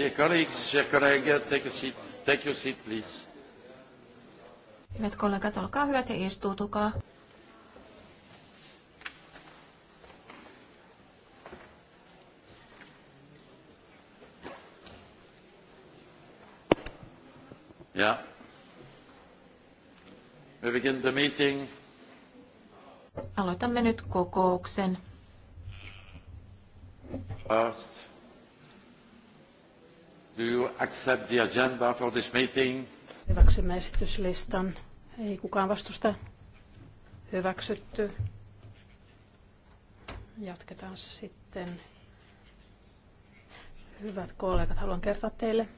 Dear colleagues, dear colleagues, take a seat. Take your seat, please. Hyvät kollegat, olkaa hyvät ja istuutukaa. Yeah. We begin the meeting. Aloitamme nyt kokouksen. First. Do you accept the agenda for this meeting? Hyväksymme esityslistan. Ei kukaan vastusta. Hyväksytty. Jatketaan sitten. Hyvät kollegat, haluan kertoa teille,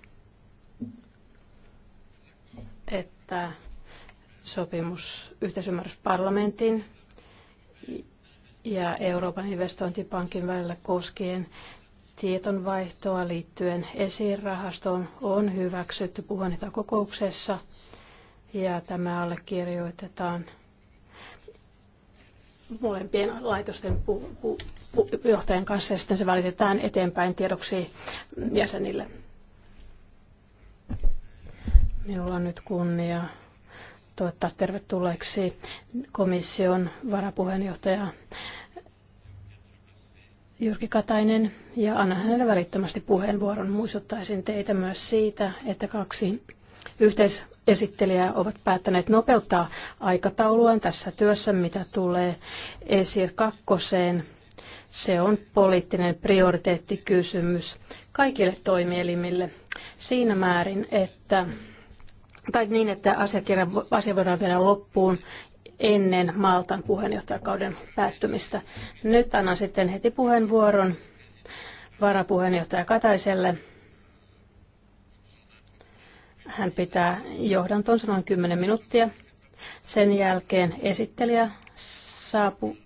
että sopimus yhteisymmärrys parlamentin ja Euroopan investointipankin välillä koskien tietonvaihtoa liittyen esirahastoon on hyväksytty kokouksessa ja tämä allekirjoitetaan molempien laitosten pu- pu- pu- johtajan kanssa ja sitten se välitetään eteenpäin tiedoksi jäsenille. Minulla on nyt kunnia toivottaa tervetulleeksi komission varapuheenjohtaja Jyrki Katainen ja annan hänelle välittömästi puheenvuoron. Muistuttaisin teitä myös siitä, että kaksi yhteisesittelijää ovat päättäneet nopeuttaa aikatauluaan tässä työssä, mitä tulee ESIR kakkoseen. Se on poliittinen prioriteettikysymys kaikille toimielimille siinä määrin, että tai niin, että asiakirja, asia voidaan viedä loppuun ennen Maltan puheenjohtajakauden päättymistä. Nyt annan sitten heti puheenvuoron varapuheenjohtaja Kataiselle. Hän pitää johdantonsa noin 10 minuuttia. Sen jälkeen esittelijä saapu,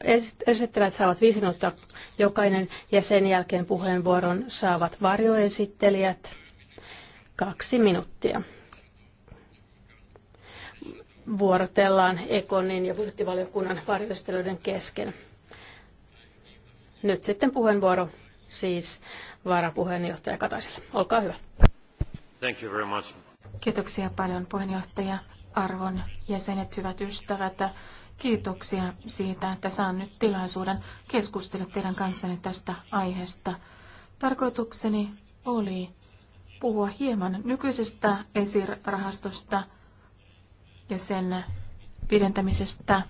esittelijät saavat viisi minuuttia jokainen ja sen jälkeen puheenvuoron saavat varjoesittelijät kaksi minuuttia vuorotellaan Ekonin ja budjettivaliokunnan varjostelijoiden kesken. Nyt sitten puheenvuoro siis varapuheenjohtaja Kataiselle. Olkaa hyvä. Thank you very much. Kiitoksia paljon puheenjohtaja, arvon jäsenet, hyvät ystävät. Kiitoksia siitä, että saan nyt tilaisuuden keskustella teidän kanssanne tästä aiheesta. Tarkoitukseni oli puhua hieman nykyisestä esirahastosta ja sen pidentämisestä,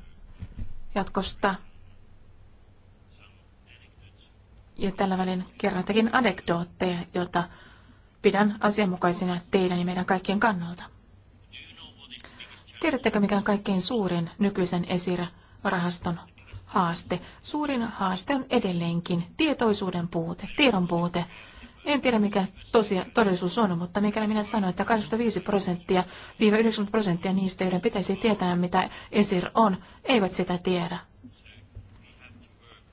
jatkosta. Ja tällä välin kerron anekdootteja, joita pidän asianmukaisina teidän ja meidän kaikkien kannalta. Tiedättekö, mikä on kaikkein suurin nykyisen esirahaston haaste? Suurin haaste on edelleenkin tietoisuuden puute, tiedon puute. En tiedä, mikä tosia, todellisuus on, mutta mikäli minä sanon, että 25 prosenttia 90 prosenttia niistä, joiden pitäisi tietää, mitä ESIR on, eivät sitä tiedä.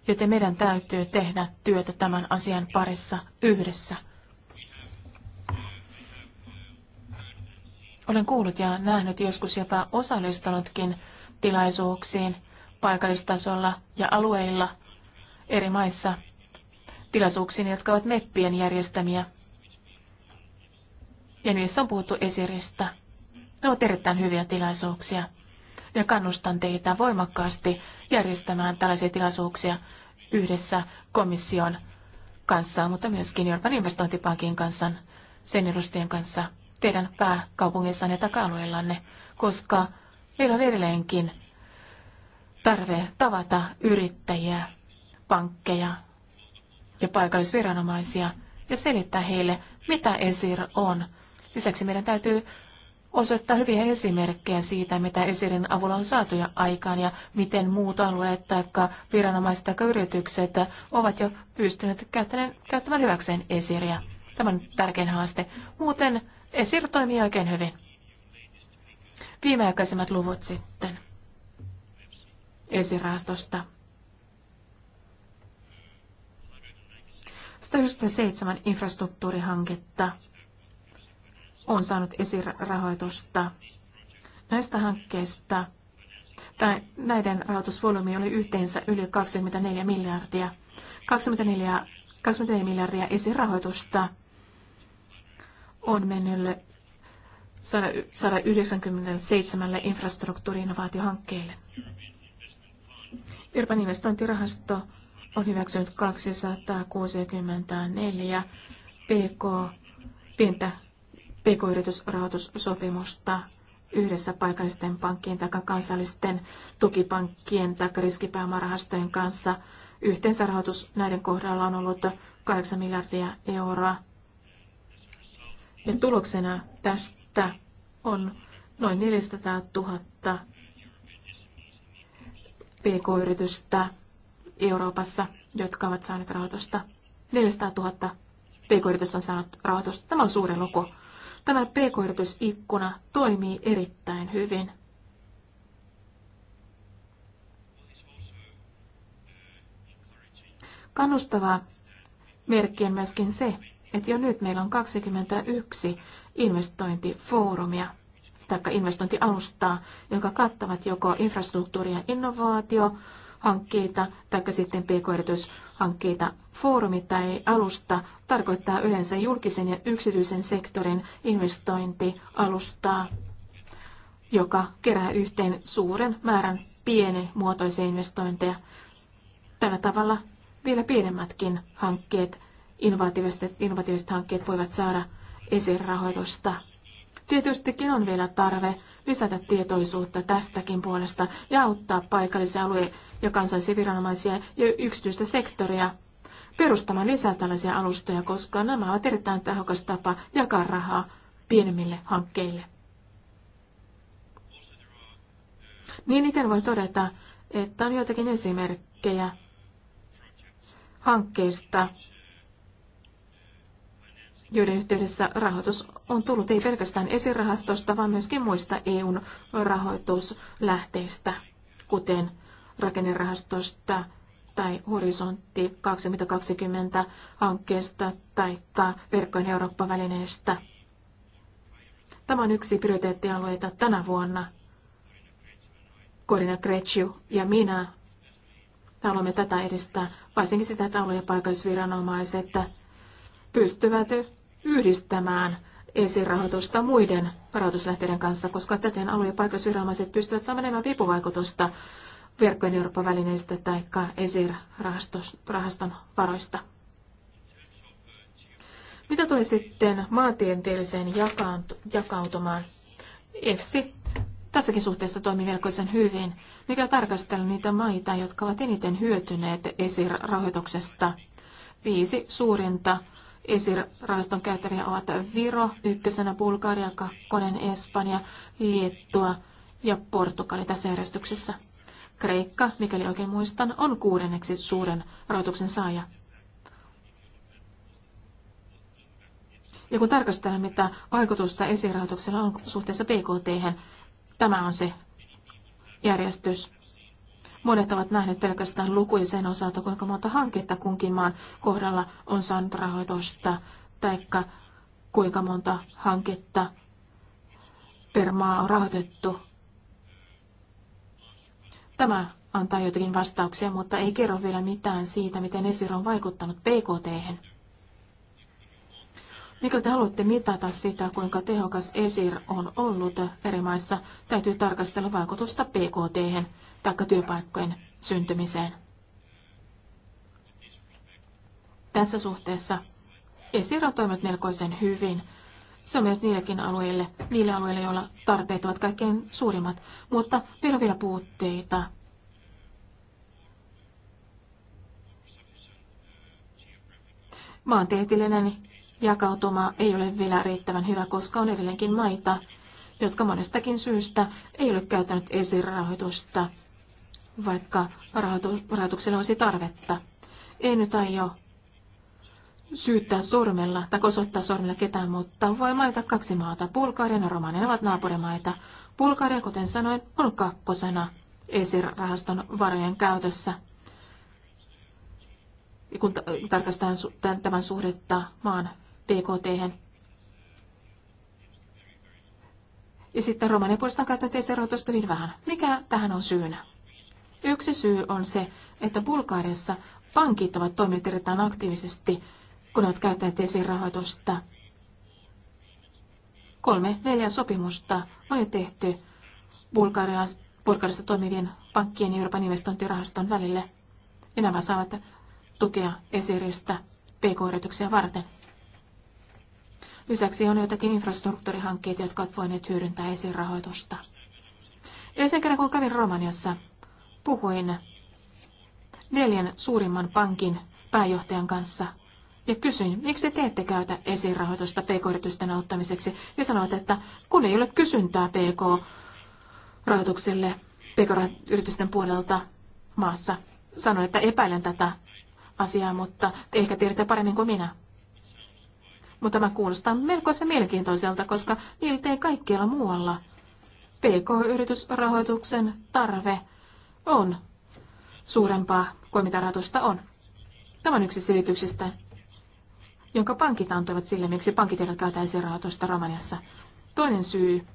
Joten meidän täytyy tehdä työtä tämän asian parissa yhdessä. Olen kuullut ja nähnyt joskus jopa osallistunutkin tilaisuuksiin paikallistasolla ja alueilla eri maissa – tilaisuuksiin, jotka ovat meppien järjestämiä. Ja niissä on puhuttu esiristä. Ne ovat erittäin hyviä tilaisuuksia. Ja kannustan teitä voimakkaasti järjestämään tällaisia tilaisuuksia yhdessä komission kanssa, mutta myöskin Euroopan investointipankin kanssa, sen edustajien kanssa, teidän pääkaupungissanne ja taka-alueellanne, koska meillä on edelleenkin tarve tavata yrittäjiä, pankkeja, ja paikallisviranomaisia ja selittää heille, mitä ESIR on. Lisäksi meidän täytyy osoittaa hyviä esimerkkejä siitä, mitä ESIRin avulla on saatu ja aikaan ja miten muut alueet tai viranomaiset tai yritykset ovat jo pystyneet käyttämään hyväkseen ESIRiä. Tämä on tärkein haaste. Muuten ESIR toimii oikein hyvin. Viimeaikaisemmat luvut sitten esirahastosta. 197 infrastruktuurihanketta on saanut esirahoitusta. Näistä hankkeista tai näiden rahoitusvolyymi oli yhteensä yli 24 miljardia. 24, 24 miljardia esirahoitusta on mennyt 197 infrastruktuuriinnovaatiohankkeelle. Euroopan investointirahasto on hyväksynyt 264 PK, pientä PK-yritysrahoitussopimusta yhdessä paikallisten pankkien tai kansallisten tukipankkien tai riskipääomarahastojen kanssa. Yhteensä rahoitus näiden kohdalla on ollut 8 miljardia euroa. Ja tuloksena tästä on noin 400 000 pk-yritystä Euroopassa, jotka ovat saaneet rahoitusta. 400 000 pk-yritys on saanut rahoitusta. Tämä on suuri luku. Tämä pk-yritysikkuna toimii erittäin hyvin. kannustava merkki on myöskin se, että jo nyt meillä on 21 investointifoorumia tai investointialustaa, joka kattavat joko infrastruktuuri ja innovaatio, hankkeita tai sitten pk-yrityshankkeita. Foorumi tai alusta tarkoittaa yleensä julkisen ja yksityisen sektorin investointialustaa, joka kerää yhteen suuren määrän pienen muotoisia investointeja. Tällä tavalla vielä pienemmätkin hankkeet, innovatiiviset, innovatiiviset hankkeet voivat saada esirahoitusta. Tietystikin on vielä tarve lisätä tietoisuutta tästäkin puolesta ja auttaa paikallisia alue- ja kansallisia viranomaisia ja yksityistä sektoria perustamaan lisää tällaisia alustoja, koska nämä ovat erittäin tehokas tapa jakaa rahaa pienemmille hankkeille. Niin ikään voi todeta, että on joitakin esimerkkejä hankkeista, joiden yhteydessä rahoitus on tullut ei pelkästään esirahastosta, vaan myöskin muista EUn rahoituslähteistä, kuten rakennerahastosta tai Horisontti 2020 hankkeesta tai verkkojen Eurooppa-välineestä. Tämä on yksi prioriteettialueita tänä vuonna. Korina Kretsiu ja minä haluamme tätä edistää, varsinkin sitä, että alue- ja paikallisviranomaiset pystyvät yhdistämään esirahoitusta muiden rahoituslähteiden kanssa, koska täten alue- ja paikallisviranomaiset pystyvät saamaan enemmän vipuvaikutusta verkkojen Euroopan välineistä tai ESIR-rahaston varoista. Mitä tulee sitten maantieteelliseen jakautumaan? EFSI tässäkin suhteessa toimii melkoisen hyvin, mikä tarkastella niitä maita, jotka ovat eniten hyötyneet ESIR-rahoituksesta. Viisi suurinta ESIR-rahaston ovat Viro, ykkösenä Bulgaria, kakkonen Espanja, Liettua ja Portugali tässä järjestyksessä. Kreikka, mikäli oikein muistan, on kuudenneksi suuren rahoituksen saaja. Ja kun tarkastellaan, mitä vaikutusta esirahoituksella on suhteessa BKT, tämä on se järjestys. Monet ovat nähneet pelkästään lukuja sen osalta, kuinka monta hanketta kunkin maan kohdalla on saanut rahoitusta, taikka kuinka monta hanketta per maa on rahoitettu. Tämä antaa jotakin vastauksia, mutta ei kerro vielä mitään siitä, miten Esir on vaikuttanut PKT. -hän. Mikäli te haluatte mitata sitä, kuinka tehokas ESIR on ollut eri maissa, täytyy tarkastella vaikutusta PKT tai työpaikkojen syntymiseen. Tässä suhteessa ESIR on toiminut melkoisen hyvin. Se on mennyt niillekin alueille, niille alueille, joilla tarpeet ovat kaikkein suurimmat, mutta meillä on vielä puutteita. Maantieteellinen jakautuma ei ole vielä riittävän hyvä, koska on edelleenkin maita, jotka monestakin syystä ei ole käyttänyt esirahoitusta, vaikka rahoitukselle olisi tarvetta. Ei nyt aio syyttää sormella tai kosottaa sormella ketään, mutta voi mainita kaksi maata. Bulgaria ja Romania ovat naapurimaita. Bulgaria, kuten sanoin, on kakkosena esirahaston varojen käytössä. Ja kun tarkastetaan tämän suhdetta maan PKT. Ja sitten Romania puolestaan käytettiin se hyvin vähän. Mikä tähän on syynä? Yksi syy on se, että Bulgaariassa pankit ovat toimineet erittäin aktiivisesti, kun ovat käyttäneet esiin rahoitusta Kolme, neljä sopimusta on jo tehty Bulgaariassa toimivien pankkien ja Euroopan investointirahaston välille. Ja nämä saavat tukea esiristä pk-yrityksiä varten. Lisäksi on joitakin infrastruktuurihankkeita, jotka ovat voineet hyödyntää esirahoitusta. Edellisen kerran, kun kävin Romaniassa, puhuin neljän suurimman pankin pääjohtajan kanssa ja kysyin, miksi te ette käytä esirahoitusta pk-yritysten auttamiseksi, ja sanoit, että kun ei ole kysyntää pk-rahoitukselle pk-yritysten puolelta maassa. Sanoin, että epäilen tätä asiaa, mutta ehkä tiedätte paremmin kuin minä. Mutta tämä kuulostaa melkoisen mielenkiintoiselta, koska miltei kaikkialla muualla PK-yritysrahoituksen tarve on suurempaa kuin mitä rahoitusta on. Tämä on yksi selityksistä, jonka pankit antoivat sille, miksi pankit eivät käytä rahoitusta Romaniassa. Toinen syy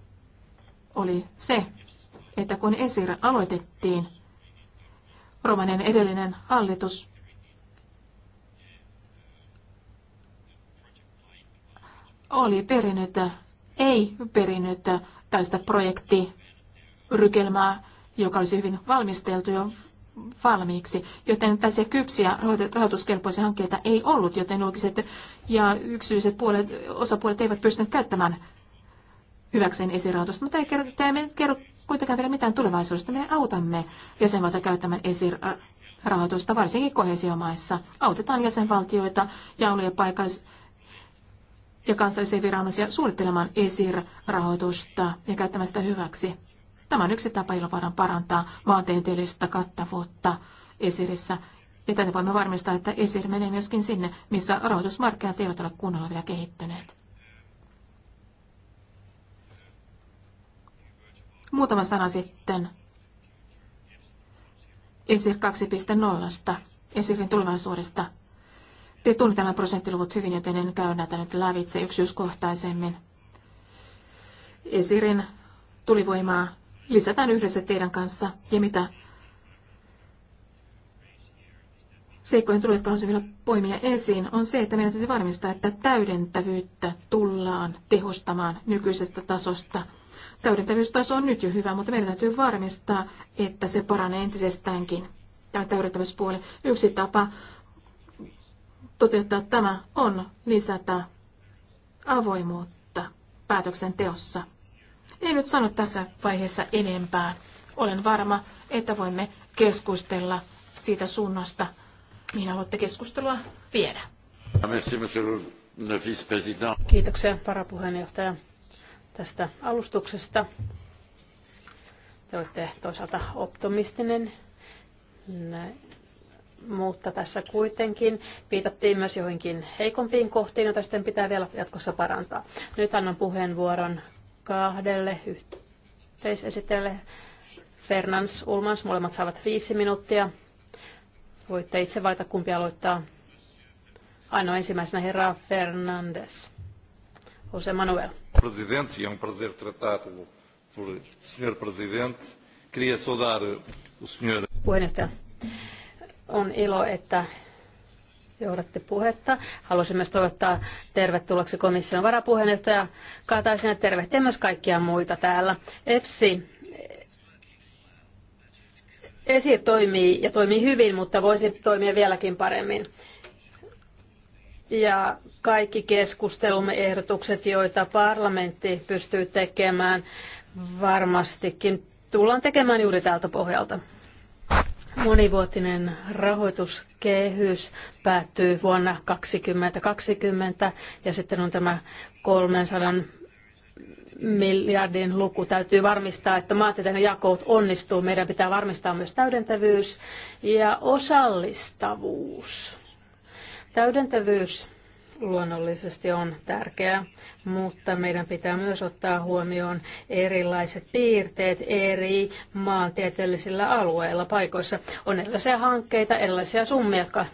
oli se, että kun esir aloitettiin, Romanian edellinen hallitus oli perinnyt, ei perinnyt tällaista projektirykelmää, joka olisi hyvin valmisteltu jo valmiiksi, joten tässä kypsiä rahoituskelpoisia hankkeita ei ollut, joten julkiset ja yksityiset puolet, osapuolet eivät pystyneet käyttämään hyväkseen esirahoitusta, mutta ei kerro, ei kerro kuitenkaan vielä mitään tulevaisuudesta. Me autamme jäsenvaltioita käyttämään esirahoitusta, varsinkin kohesiomaissa. Autetaan jäsenvaltioita ja alue- ja paikallis- ja kansallisia viranomaisia suunnittelemaan ESIR-rahoitusta ja käyttämään sitä hyväksi. Tämä on yksi tapa, jolla voidaan parantaa maantieteellistä kattavuutta ESIRissä. Ja tätä voimme varmistaa, että ESIR menee myöskin sinne, missä rahoitusmarkkinat eivät ole kunnolla vielä kehittyneet. Muutama sana sitten ESIR 2.0, ESIRin tulevaisuudesta te tunnette nämä prosenttiluvut hyvin, joten en käy näitä nyt lävitse yksityiskohtaisemmin. Esirin tulivoimaa lisätään yhdessä teidän kanssa ja mitä seikkojen tulee, jotka haluaisin vielä poimia esiin, on se, että meidän täytyy varmistaa, että täydentävyyttä tullaan tehostamaan nykyisestä tasosta. Täydentävyystaso on nyt jo hyvä, mutta meidän täytyy varmistaa, että se paranee entisestäänkin. Tämä täydentävyyspuoli. Yksi tapa toteuttaa tämä on lisätä avoimuutta päätöksenteossa. Ei nyt sano tässä vaiheessa enempää. Olen varma, että voimme keskustella siitä suunnasta, mihin haluatte keskustelua viedä. Kiitoksia varapuheenjohtaja tästä alustuksesta. Te olette toisaalta optimistinen mutta tässä kuitenkin viitattiin myös joihinkin heikompiin kohtiin, joita sitten pitää vielä jatkossa parantaa. Nyt annan puheenvuoron kahdelle yhteisesitelle. Fernans Ulmans, molemmat saavat viisi minuuttia. Voitte itse valita, kumpi aloittaa. Ainoa ensimmäisenä herra Fernandes. José Manuel. Presidente, e é um prazer tratar o por senhor presidente. Queria saudar o senhor. Puheenjohtaja. On ilo, että johdatte puhetta. Haluaisin myös toivottaa tervetulleeksi komission varapuheenjohtaja Kataisen ja tervehtiä myös kaikkia muita täällä. EPSI ESIR toimii ja toimii hyvin, mutta voisi toimia vieläkin paremmin. Ja kaikki keskustelumme ehdotukset, joita parlamentti pystyy tekemään, varmastikin tullaan tekemään juuri tältä pohjalta. Monivuotinen rahoituskehys päättyy vuonna 2020 ja sitten on tämä 300 miljardin luku. Täytyy varmistaa, että maantieteellinen jako onnistuu. Meidän pitää varmistaa myös täydentävyys ja osallistavuus. Täydentävyys luonnollisesti on tärkeää, mutta meidän pitää myös ottaa huomioon erilaiset piirteet eri maantieteellisillä alueilla, paikoissa. On erilaisia hankkeita, erilaisia summia, jotka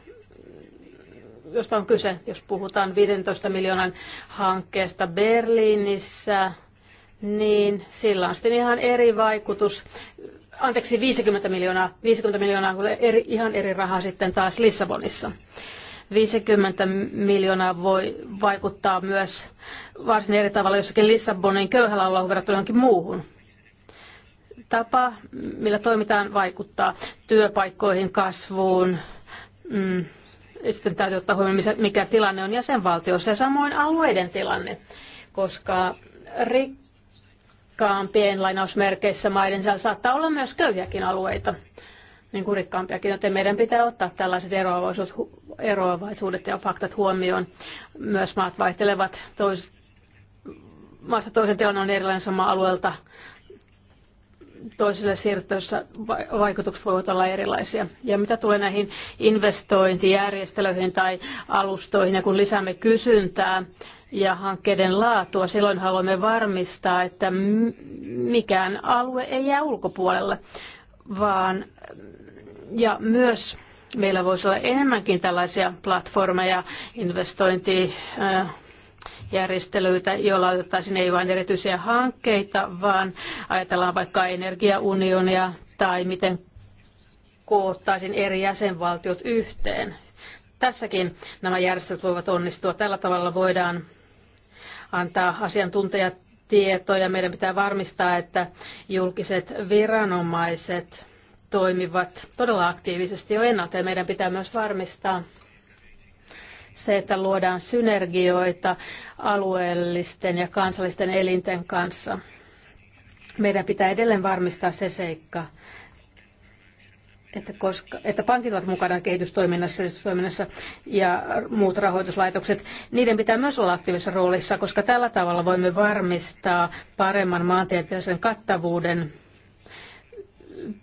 josta on kyse, jos puhutaan 15 miljoonan hankkeesta Berliinissä, niin sillä on sitten ihan eri vaikutus. Anteeksi, 50 miljoonaa, 50 miljoonaa eri, ihan eri rahaa sitten taas Lissabonissa. 50 miljoonaa voi vaikuttaa myös varsin eri tavalla jossakin Lissabonin köyhällä alueella verrattuna johonkin muuhun. Tapa, millä toimitaan, vaikuttaa työpaikkoihin, kasvuun, mm, sitten täytyy ottaa huomioon, mikä tilanne on jäsenvaltiossa ja samoin alueiden tilanne, koska rikkaampien lainausmerkeissä maiden saattaa olla myös köyhiäkin alueita niin kuin rikkaampiakin, joten meidän pitää ottaa tällaiset eroavaisuudet, eroavaisuudet ja faktat huomioon. Myös maat vaihtelevat tois, maasta toisen tilanne on erilainen sama alueelta. Toisille siirtoissa vaikutukset voivat olla erilaisia. Ja mitä tulee näihin investointijärjestelyihin tai alustoihin, ja kun lisäämme kysyntää, ja hankkeiden laatua. Silloin haluamme varmistaa, että mikään alue ei jää ulkopuolelle, vaan ja myös meillä voisi olla enemmänkin tällaisia platformeja, investointijärjestelyitä, joilla otettaisiin ei vain erityisiä hankkeita, vaan ajatellaan vaikka energiaunionia tai miten koottaisiin eri jäsenvaltiot yhteen. Tässäkin nämä järjestöt voivat onnistua. Tällä tavalla voidaan antaa asiantuntijatietoja. Meidän pitää varmistaa, että julkiset viranomaiset – toimivat todella aktiivisesti jo ennalta ja meidän pitää myös varmistaa se, että luodaan synergioita alueellisten ja kansallisten elinten kanssa. Meidän pitää edelleen varmistaa se seikka, että, koska, että pankit ovat mukana kehitystoiminnassa, kehitystoiminnassa ja muut rahoituslaitokset, niiden pitää myös olla aktiivisessa roolissa, koska tällä tavalla voimme varmistaa paremman maantieteellisen kattavuuden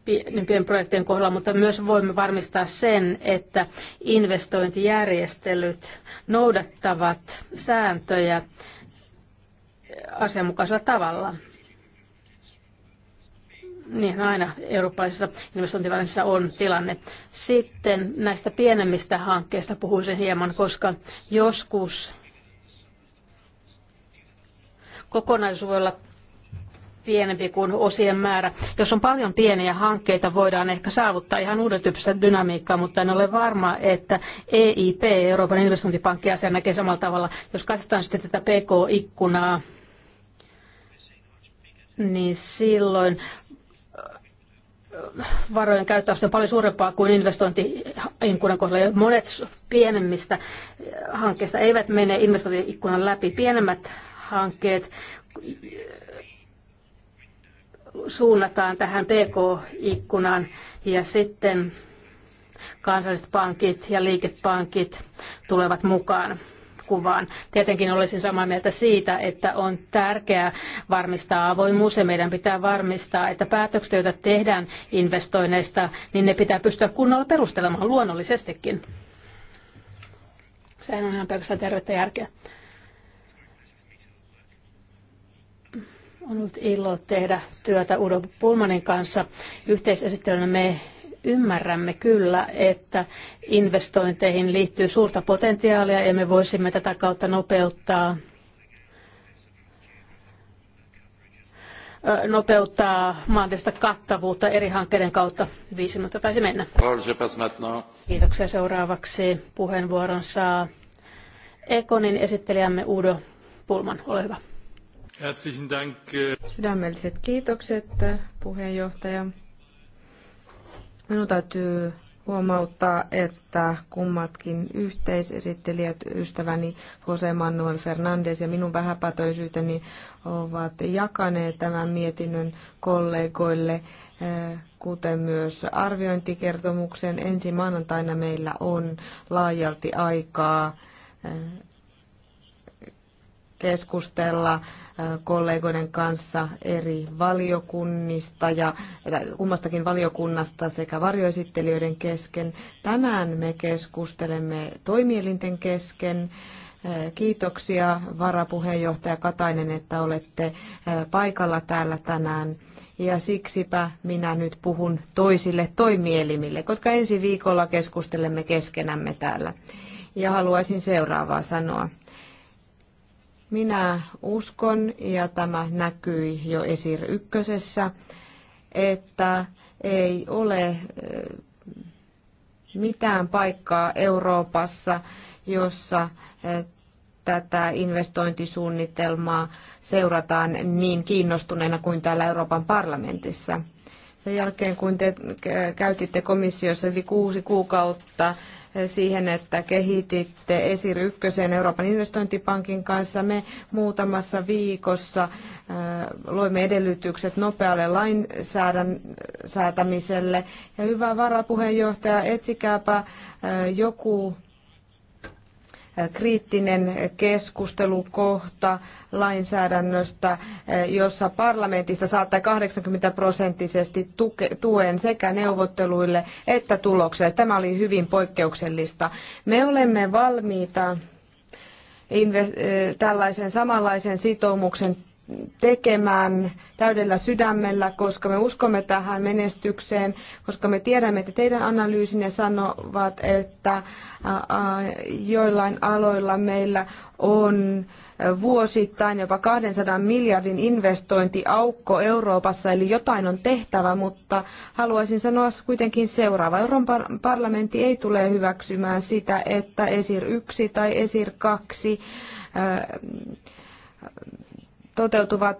pienempien niin projektien kohdalla, mutta myös voimme varmistaa sen, että investointijärjestelyt noudattavat sääntöjä asianmukaisella tavalla. Niin aina eurooppalaisessa investointivälineissä on tilanne. Sitten näistä pienemmistä hankkeista puhuisin hieman, koska joskus kokonaisuus voi olla pienempi kuin osien määrä. Jos on paljon pieniä hankkeita, voidaan ehkä saavuttaa ihan uuden tyyppistä dynamiikkaa, mutta en ole varma, että EIP, Euroopan investointipankki, asia näkee samalla tavalla. Jos katsotaan sitten tätä PK-ikkunaa, niin silloin äh, varojen käyttöaste on paljon suurempaa kuin investointiikkunan kohdalla. Monet pienemmistä äh, hankkeista eivät mene investointiikkunan läpi. Pienemmät hankkeet suunnataan tähän PK-ikkunaan ja sitten kansalliset pankit ja liikepankit tulevat mukaan kuvaan. Tietenkin olisin samaa mieltä siitä, että on tärkeää varmistaa avoimuus ja meidän pitää varmistaa, että päätökset, joita tehdään investoinneista, niin ne pitää pystyä kunnolla perustelemaan luonnollisestikin. Sehän on ihan pelkästään tervettä järkeä. On ollut ilo tehdä työtä Udo Pulmanin kanssa. Yhteisesittelynä me ymmärrämme kyllä, että investointeihin liittyy suurta potentiaalia ja me voisimme tätä kautta nopeuttaa nopeuttaa maantista kattavuutta eri hankkeiden kautta. Viisi minuuttia taisi mennä. Kiitoksia. Seuraavaksi puheenvuoron saa Ekonin esittelijämme Udo Pulman. Ole hyvä. Äh, Sydämelliset kiitokset, puheenjohtaja. Minun täytyy huomauttaa, että kummatkin yhteisesittelijät, ystäväni Jose Manuel Fernandes ja minun vähäpätöisyyteni ovat jakaneet tämän mietinnön kollegoille, äh, kuten myös arviointikertomuksen. Ensi maanantaina meillä on laajalti aikaa äh, keskustella kollegoiden kanssa eri valiokunnista ja kummastakin valiokunnasta sekä varjoesittelijöiden kesken. Tänään me keskustelemme toimielinten kesken. Kiitoksia varapuheenjohtaja Katainen, että olette paikalla täällä tänään. Ja siksipä minä nyt puhun toisille toimielimille, koska ensi viikolla keskustelemme keskenämme täällä. Ja haluaisin seuraavaa sanoa. Minä uskon, ja tämä näkyi jo Esir ykkösessä, että ei ole mitään paikkaa Euroopassa, jossa tätä investointisuunnitelmaa seurataan niin kiinnostuneena kuin täällä Euroopan parlamentissa. Sen jälkeen, kun te käytitte komissiossa yli kuusi kuukautta siihen, että kehititte ESIR Ykkösen Euroopan investointipankin kanssa. Me muutamassa viikossa äh, loimme edellytykset nopealle lainsäätämiselle. Ja hyvä varapuheenjohtaja, etsikääpä äh, joku kriittinen keskustelukohta lainsäädännöstä, jossa parlamentista saattaa 80 prosenttisesti tuen sekä neuvotteluille että tulokselle. Tämä oli hyvin poikkeuksellista. Me olemme valmiita eh, tällaisen samanlaisen sitoumuksen tekemään täydellä sydämellä, koska me uskomme tähän menestykseen, koska me tiedämme, että teidän analyysinne sanovat, että joillain aloilla meillä on vuosittain jopa 200 miljardin investointiaukko Euroopassa, eli jotain on tehtävä, mutta haluaisin sanoa kuitenkin seuraava. Euroopan parlamentti ei tule hyväksymään sitä, että ESIR 1 tai ESIR 2 toteutuvat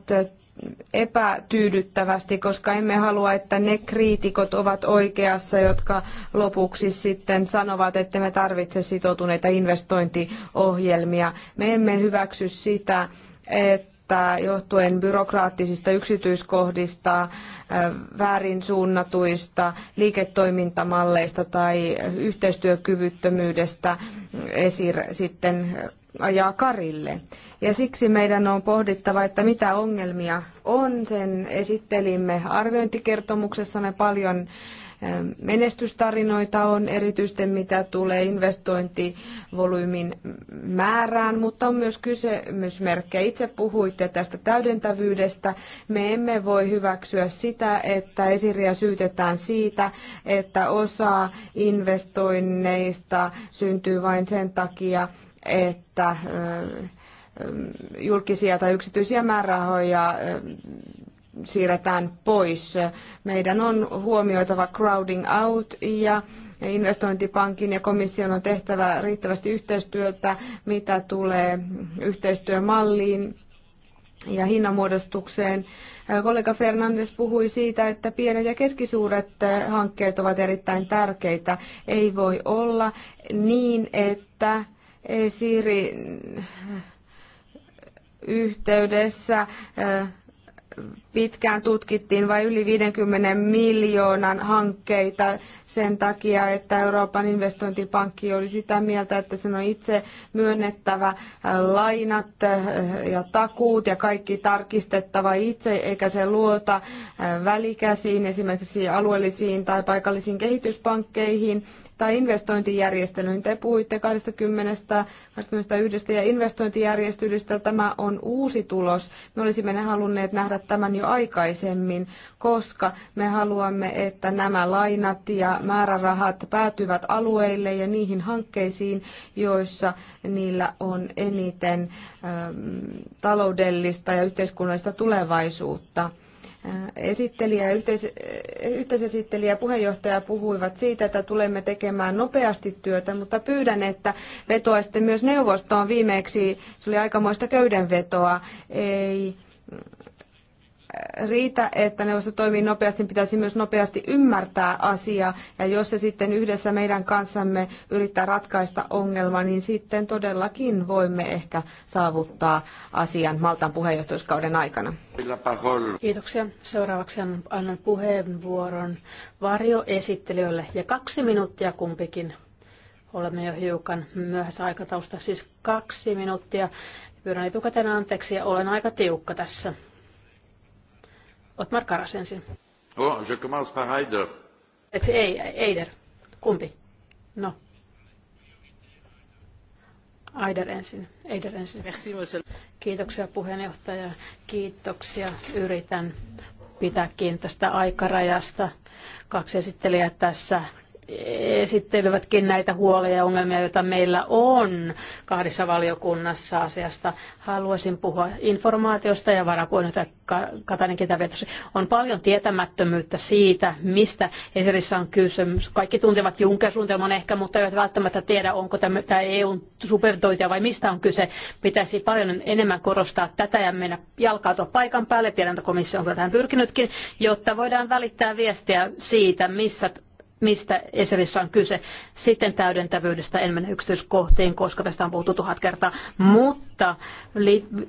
epätyydyttävästi, koska emme halua, että ne kriitikot ovat oikeassa, jotka lopuksi sitten sanovat, että me tarvitse sitoutuneita investointiohjelmia. Me emme hyväksy sitä, että johtuen byrokraattisista yksityiskohdista, väärin suunnatuista liiketoimintamalleista tai yhteistyökyvyttömyydestä esir sitten ajaa karille. Ja siksi meidän on pohdittava, että mitä ongelmia on. Sen esittelimme arviointikertomuksessamme paljon eh, menestystarinoita on, erityisesti mitä tulee investointivolyymin määrään, mutta on myös kysymysmerkkejä. Itse puhuitte tästä täydentävyydestä. Me emme voi hyväksyä sitä, että esiriä syytetään siitä, että osa investoinneista syntyy vain sen takia, että eh, julkisia tai yksityisiä määrärahoja siirretään pois. Meidän on huomioitava crowding out ja investointipankin ja komission on tehtävä riittävästi yhteistyötä, mitä tulee yhteistyömalliin ja hinnanmuodostukseen. Kollega Fernandes puhui siitä, että pienet ja keskisuuret hankkeet ovat erittäin tärkeitä. Ei voi olla niin, että Siiri yhteydessä pitkään tutkittiin vain yli 50 miljoonan hankkeita sen takia, että Euroopan investointipankki oli sitä mieltä, että sen on itse myönnettävä äh, lainat äh, ja takuut ja kaikki tarkistettava itse, eikä se luota äh, välikäsiin, esimerkiksi alueellisiin tai paikallisiin kehityspankkeihin tai investointijärjestelyihin. Te puhuitte 20, 21 ja investointijärjestelyistä. Tämä on uusi tulos. Me olisimme halunneet nähdä tämän jo aikaisemmin, koska me haluamme, että nämä lainat ja määrärahat päätyvät alueille ja niihin hankkeisiin, joissa niillä on eniten ähm, taloudellista ja yhteiskunnallista tulevaisuutta äh, esittelijä ja yhteis- äh, yhteisesittelijä ja puheenjohtaja puhuivat siitä, että tulemme tekemään nopeasti työtä, mutta pyydän, että vetoaisitte myös neuvostoon viimeksi. Se oli aikamoista köydenvetoa. Ei riitä, että neuvosto toimii nopeasti, niin pitäisi myös nopeasti ymmärtää asiaa. Ja jos se sitten yhdessä meidän kanssamme yrittää ratkaista ongelma, niin sitten todellakin voimme ehkä saavuttaa asian Maltan puheenjohtajuuskauden aikana. Kiitoksia. Seuraavaksi annan puheenvuoron varjoesittelijöille ja kaksi minuuttia kumpikin. Olemme jo hiukan myöhässä aikatausta, siis kaksi minuuttia. Pyydän etukäteen anteeksi ja olen aika tiukka tässä. Otmar Karas ensin. Oh, je commence par Heider. Eikö ei, Eider? Kumpi? No. Aider ensin. Aider ensin. Merci, monsieur. Kiitoksia puheenjohtaja. Kiitoksia. Yritän pitää kiinni tästä aikarajasta. Kaksi esittelijää tässä esittelevätkin näitä huolia ja ongelmia, joita meillä on kahdessa valiokunnassa asiasta. Haluaisin puhua informaatiosta ja varapuheenjohtaja Katainen Kitävetosi. On paljon tietämättömyyttä siitä, mistä Esirissä on kysymys. Kaikki tuntevat Junker-suunnitelman ehkä, mutta eivät välttämättä tiedä, onko tämä EUn supertointia vai mistä on kyse. Pitäisi paljon enemmän korostaa tätä ja mennä jalkautua paikan päälle. Tiedän, että komissio on tähän pyrkinytkin, jotta voidaan välittää viestiä siitä, missä mistä Eserissä on kyse. Sitten täydentävyydestä en mene yksityiskohtiin, koska tästä on puhuttu tuhat kertaa. Mutta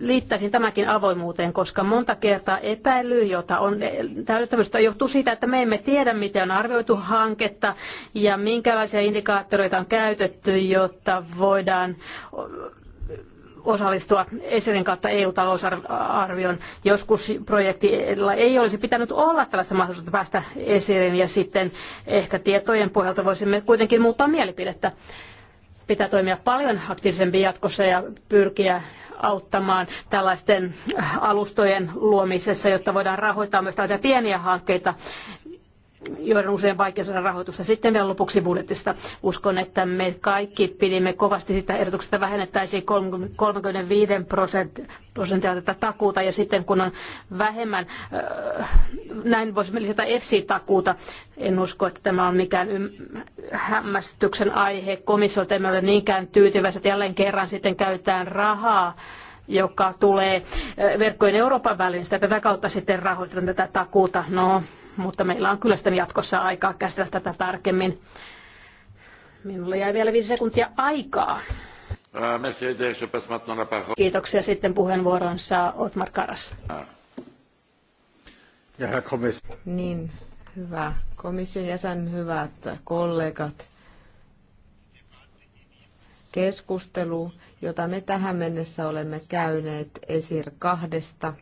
liittäisin tämäkin avoimuuteen, koska monta kertaa epäily, jota on e, täydentävyydestä, johtuu siitä, että me emme tiedä, miten on arvioitu hanketta ja minkälaisia indikaattoreita on käytetty, jotta voidaan osallistua Esirin kautta EU-talousarvion. Joskus projektilla ei olisi pitänyt olla tällaista mahdollisuutta päästä Esirin ja sitten ehkä tietojen pohjalta voisimme kuitenkin muuttaa mielipidettä. Pitää toimia paljon aktiivisempi jatkossa ja pyrkiä auttamaan tällaisten alustojen luomisessa, jotta voidaan rahoittaa myös tällaisia pieniä hankkeita, joiden usein vaikea saada rahoitusta. Sitten vielä lopuksi budjetista. Uskon, että me kaikki pidimme kovasti sitä ehdotuksesta vähennettäisiin 35 prosenttia tätä takuuta ja sitten kun on vähemmän, äh, näin voisimme lisätä EFSI-takuuta. En usko, että tämä on mikään hämmästyksen aihe. Komissiolta emme ole niinkään tyytyväisiä, että jälleen kerran sitten käytetään rahaa joka tulee äh, verkkojen Euroopan väliin. Tätä kautta sitten rahoitetaan tätä takuuta. No, mutta meillä on kyllä sitten jatkossa aikaa käsitellä tätä tarkemmin. Minulla jäi vielä viisi sekuntia aikaa. Ah, Kiitoksia. Sitten puheenvuoron saa Otmar Karas. Ah. Niin, hyvä komission jäsen, hyvät kollegat. Keskustelu, jota me tähän mennessä olemme käyneet esir kahdesta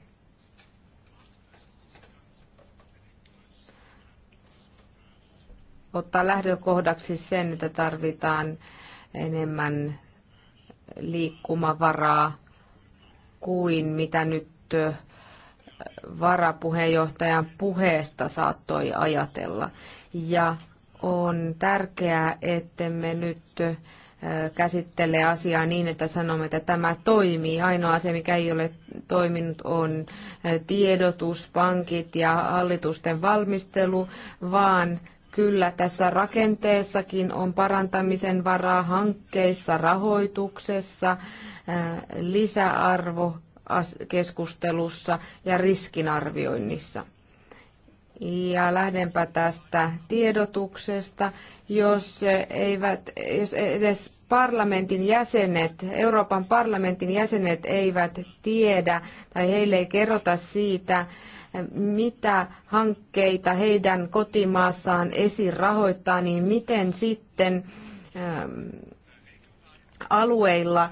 ottaa lähdökohdaksi sen, että tarvitaan enemmän liikkumavaraa kuin mitä nyt varapuheenjohtajan puheesta saattoi ajatella. Ja on tärkeää, ettemme nyt käsittelee asiaa niin, että sanomme, että tämä toimii. Ainoa asia, mikä ei ole toiminut, on tiedotus, pankit ja hallitusten valmistelu, vaan Kyllä tässä rakenteessakin on parantamisen varaa hankkeissa, rahoituksessa, lisäarvo keskustelussa ja riskinarvioinnissa. Ja lähdenpä tästä tiedotuksesta. Jos, eivät, jos edes parlamentin jäsenet, Euroopan parlamentin jäsenet eivät tiedä tai heille ei kerrota siitä, mitä hankkeita heidän kotimaassaan esirahoittaa, niin miten sitten ähm, alueilla äh,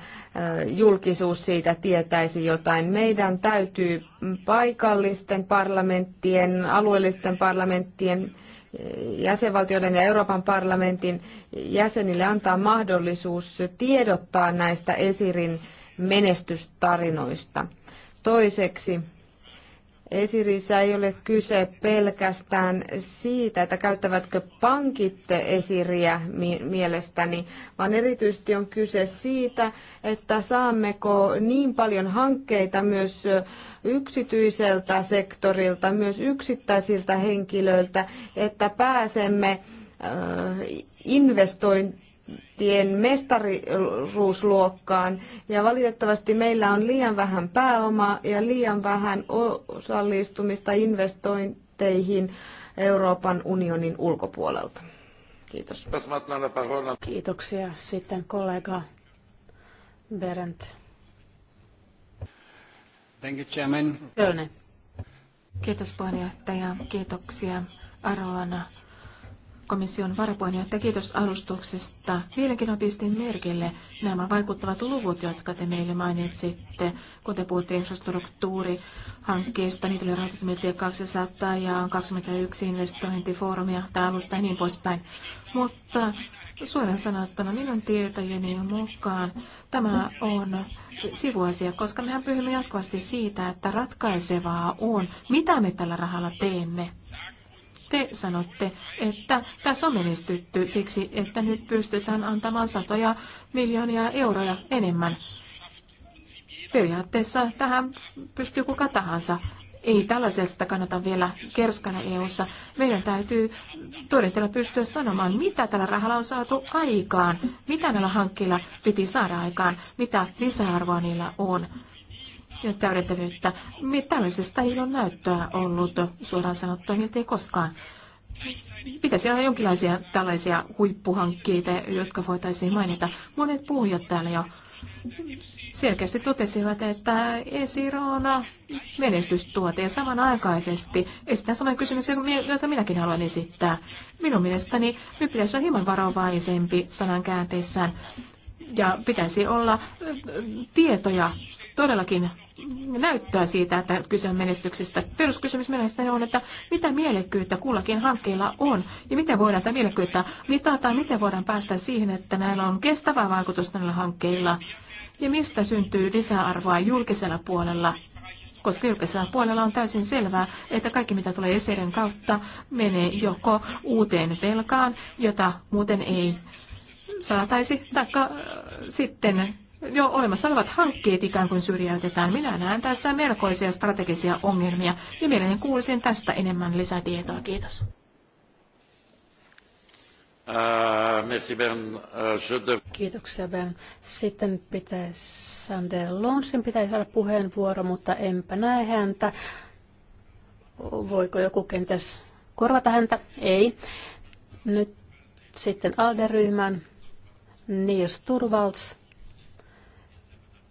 julkisuus siitä tietäisi jotain. Meidän täytyy paikallisten parlamenttien, alueellisten parlamenttien, äh, jäsenvaltioiden ja Euroopan parlamentin jäsenille antaa mahdollisuus tiedottaa näistä esirin menestystarinoista. Toiseksi Esirissä ei ole kyse pelkästään siitä, että käyttävätkö pankit esiriä mielestäni, vaan erityisesti on kyse siitä, että saammeko niin paljon hankkeita myös yksityiseltä sektorilta, myös yksittäisiltä henkilöiltä, että pääsemme investointiin tien mestaruusluokkaan ja valitettavasti meillä on liian vähän pääomaa ja liian vähän osallistumista investointeihin Euroopan unionin ulkopuolelta. Kiitos. Kiitoksia. Sitten kollega Berendt. Thank you, Chairman. Kiitos puheenjohtaja. Kiitoksia Arvoana komission varapuheenjohtaja, kiitos alustuksesta. Vieläkin pistin merkille nämä vaikuttavat luvut, jotka te meille mainitsitte, kun te puhutte infrastruktuurihankkeesta. Niitä oli rahoitettu miettiä 200 ja 21 investointifoorumia tai alusta ja niin poispäin. Mutta suoraan sanottuna minun tietojeni mukaan tämä on sivuasia, koska mehän pyhimme jatkuvasti siitä, että ratkaisevaa on, mitä me tällä rahalla teemme. Te sanotte, että tässä on menestytty siksi, että nyt pystytään antamaan satoja miljoonia euroja enemmän. Periaatteessa tähän pystyy kuka tahansa. Ei tällaisesta kannata vielä kerskana EU-ssa. Meidän täytyy todentella pystyä sanomaan, mitä tällä rahalla on saatu aikaan, mitä näillä hankkeilla piti saada aikaan, mitä lisäarvoa niillä on ja täydentävyyttä. Tällaisesta ei ole näyttöä ollut suoraan sanottuna miltei koskaan. Pitäisi olla jonkinlaisia tällaisia huippuhankkeita, jotka voitaisiin mainita. Monet puhujat täällä jo selkeästi totesivat, että Esiro on menestystuote ja samanaikaisesti esitän saman kysymyksen, jota minäkin haluan esittää. Minun mielestäni nyt pitäisi olla hieman varovaisempi käänteissään ja pitäisi olla tietoja todellakin näyttää siitä, että kyse on menestyksestä. Peruskysymys mielestäni on, että mitä mielekkyyttä kullakin hankkeilla on ja miten voidaan tätä mielekkyyttä mitata, miten voidaan päästä siihen, että näillä on kestävää vaikutusta näillä hankkeilla ja mistä syntyy lisäarvoa julkisella puolella. Koska julkisella puolella on täysin selvää, että kaikki mitä tulee esiden kautta menee joko uuteen velkaan, jota muuten ei saataisi, taikka äh, sitten jo olemassa olevat hankkeet ikään kuin syrjäytetään. Minä näen tässä melkoisia strategisia ongelmia ja mielelläni kuulisin tästä enemmän lisätietoa. Kiitos. Äh, äh, Kiitoksia Ben. Sitten pitäisi Sander Lonsin pitäisi saada puheenvuoro, mutta enpä näe häntä. Voiko joku kenties korvata häntä? Ei. Nyt sitten Alderyhmän Niels Turvalds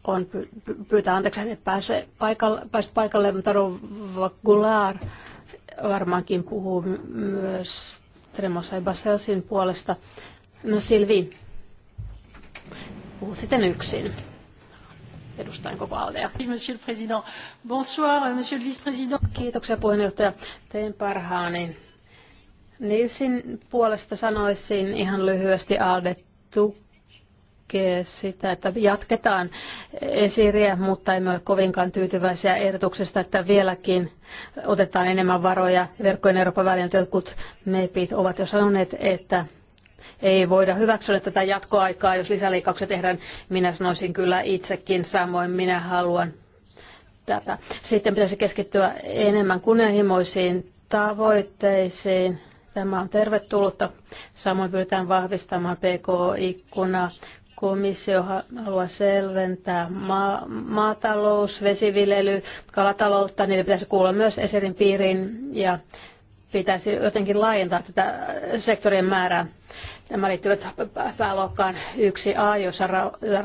on pyytää anteeksi, että pääse paikalle, pääsi paikalle, mutta Rova varmaankin puhuu myös Tremosa ja Baselsin puolesta. No Silvi, puhut sitten yksin edustajan koko Aldea. Monsieur le Président. Bonsoir, euh, Monsieur le Vice-Président. Kiitoksia puheenjohtaja. Teen parhaani. Nilsin puolesta sanoisin ihan lyhyesti Alde koskee sitä, että jatketaan esiriä, mutta emme ole kovinkaan tyytyväisiä ehdotuksesta, että vieläkin otetaan enemmän varoja. Verkkojen Euroopan väliin jotkut MEPit ovat jo sanoneet, että ei voida hyväksyä tätä jatkoaikaa, jos lisäleikkauksia tehdään. Minä sanoisin kyllä itsekin samoin, minä haluan tätä. Sitten pitäisi keskittyä enemmän kunnianhimoisiin tavoitteisiin. Tämä on tervetullutta. Samoin pyritään vahvistamaan pk ikkunaa Komissio haluaa selventää maa, maatalous, vesiviljely, kalataloutta, niiden pitäisi kuulla myös Eserin piiriin ja pitäisi jotenkin laajentaa tätä sektorien määrää. Nämä liittyvät pääluokkaan 1a, jossa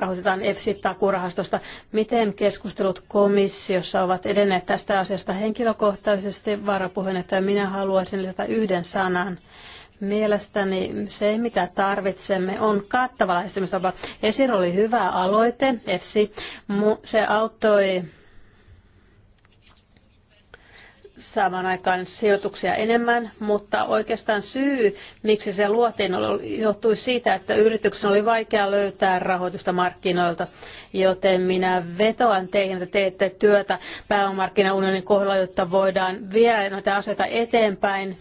rahoitetaan EFSI-takurahastosta. Miten keskustelut komissiossa ovat edenneet tästä asiasta henkilökohtaisesti? Varapuheenjohtaja, minä haluaisin lisätä yhden sanan Mielestäni se, mitä tarvitsemme, on kattava lähestymistapa. Esir oli hyvä aloite, EFSI. Se auttoi saamaan aikaan sijoituksia enemmän, mutta oikeastaan syy, miksi se luotiin, johtui siitä, että yrityksen oli vaikea löytää rahoitusta markkinoilta, joten minä vetoan teihin, että teette työtä pääomarkkinaunionin kohdalla, jotta voidaan viedä näitä asioita eteenpäin,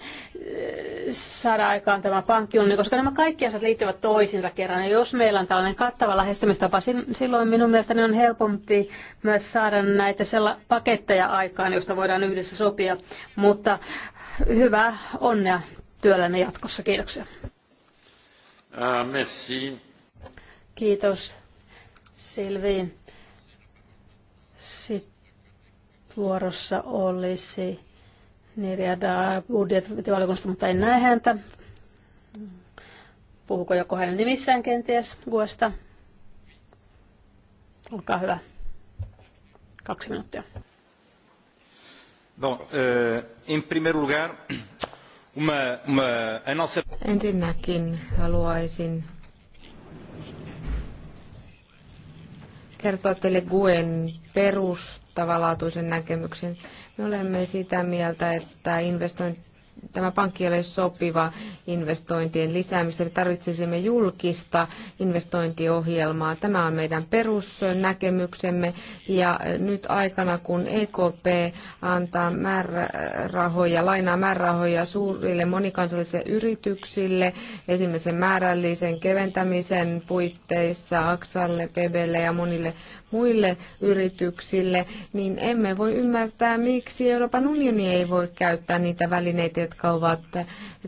saada aikaan tämä pankkiunioni, koska nämä kaikki asiat liittyvät toisiinsa kerran. Ja jos meillä on tällainen kattava lähestymistapa, silloin minun mielestäni on helpompi myös saada näitä paketteja aikaan, joista voidaan yhdessä sopia paljon, mutta hyvää onnea työllänne jatkossa. Kiitoksia. Ah, merci. Kiitos Silviin. Sitten vuorossa olisi Nirjada budjettivaliokunnasta, mutta en näe häntä. Puhuko joko hänen nimissään kenties Guesta? Olkaa hyvä. Kaksi minuuttia. Bom, eh, em primeiro lugar, uma, uma, a nossa... Ensinnäkin haluaisin kertoa teille Guen perustavanlaatuisen näkemyksen. Me olemme sitä mieltä, että investointi tämä pankki ole sopiva investointien lisäämiseen. Me tarvitsisimme julkista investointiohjelmaa. Tämä on meidän perusnäkemyksemme ja nyt aikana, kun EKP antaa määrärahoja, lainaa määrärahoja suurille monikansallisille yrityksille, esimerkiksi määrällisen keventämisen puitteissa Aksalle, Pebelle ja monille muille yrityksille, niin emme voi ymmärtää, miksi Euroopan unioni ei voi käyttää niitä välineitä, jotka ovat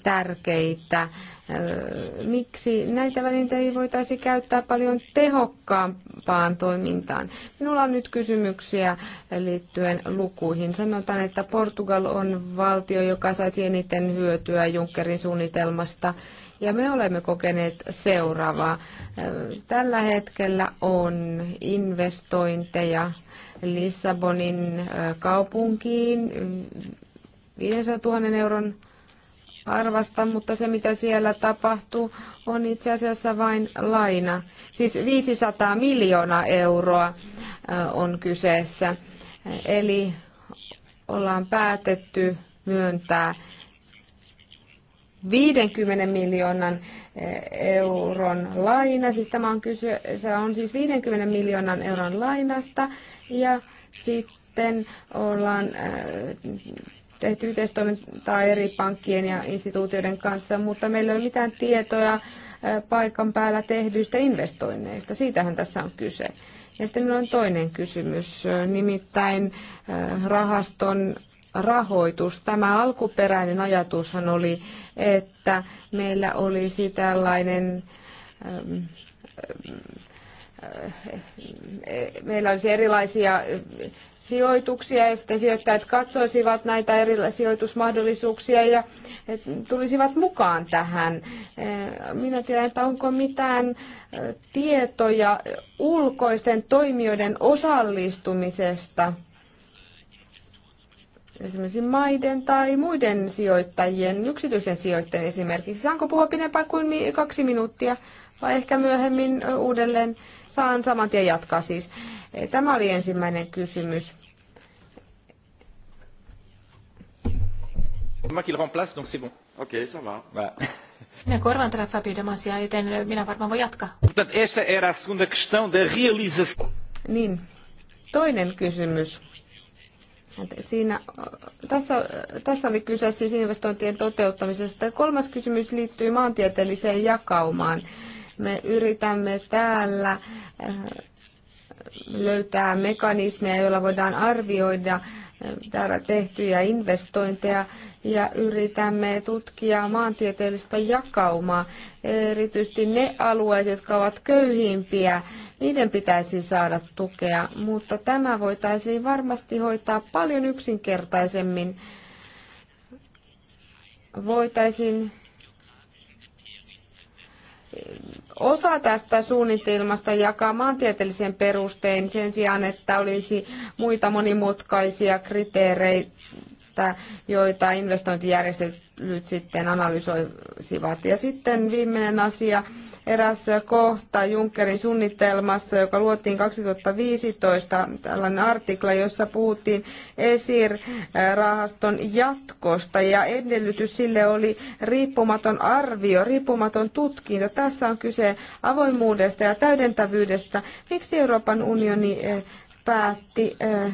tärkeitä. Miksi näitä välineitä ei voitaisi käyttää paljon tehokkaampaan toimintaan? Minulla on nyt kysymyksiä liittyen lukuihin. Sanotaan, että Portugal on valtio, joka saisi eniten hyötyä Junckerin suunnitelmasta. Ja me olemme kokeneet seuraavaa. Tällä hetkellä on investointeja Lissabonin kaupunkiin 500 000 euron arvasta, mutta se mitä siellä tapahtuu on itse asiassa vain laina. Siis 500 miljoonaa euroa on kyseessä. Eli ollaan päätetty myöntää 50 miljoonan eh, euron laina. Siis tämä on, kyse, se on siis 50 miljoonan euron lainasta ja sitten ollaan eh, tehty yhteistoimintaa eri pankkien ja instituutioiden kanssa, mutta meillä ei ole mitään tietoja eh, paikan päällä tehdyistä investoinneista. Siitähän tässä on kyse. Ja sitten minulla on toinen kysymys, nimittäin rahaston rahoitus. Tämä alkuperäinen ajatushan oli, että meillä olisi tällainen ähm, äh, meillä olisi erilaisia äh, sijoituksia ja sitten sijoittajat katsoisivat näitä eri sijoitusmahdollisuuksia ja äh, tulisivat mukaan tähän. Minä tiedän, että onko mitään tietoja ulkoisten toimijoiden osallistumisesta – esimerkiksi maiden tai muiden sijoittajien, yksityisten sijoittajien esimerkiksi. Saanko puhua pidempään kuin kaksi minuuttia vai ehkä myöhemmin uudelleen? Saan saman tien jatkaa siis. E, tämä oli ensimmäinen kysymys. Minä korvan tällä Fabio Damasia, joten minä varmaan voin jatkaa. Niin, toinen kysymys Siinä, tässä, tässä oli kyse siis investointien toteuttamisesta. Kolmas kysymys liittyy maantieteelliseen jakaumaan. Me yritämme täällä eh, löytää mekanismeja, joilla voidaan arvioida eh, täällä tehtyjä investointeja ja yritämme tutkia maantieteellistä jakaumaa, erityisesti ne alueet, jotka ovat köyhimpiä niiden pitäisi saada tukea, mutta tämä voitaisiin varmasti hoitaa paljon yksinkertaisemmin. Voitaisiin osa tästä suunnitelmasta jakaa maantieteellisen perustein sen sijaan, että olisi muita monimutkaisia kriteereitä, joita investointijärjestelyt sitten analysoisivat. Ja sitten viimeinen asia eräs kohta Junckerin suunnitelmassa, joka luotiin 2015, tällainen artikla, jossa puhuttiin ESIR-rahaston jatkosta ja edellytys sille oli riippumaton arvio, riippumaton tutkinta. Tässä on kyse avoimuudesta ja täydentävyydestä. Miksi Euroopan unioni eh, päätti eh,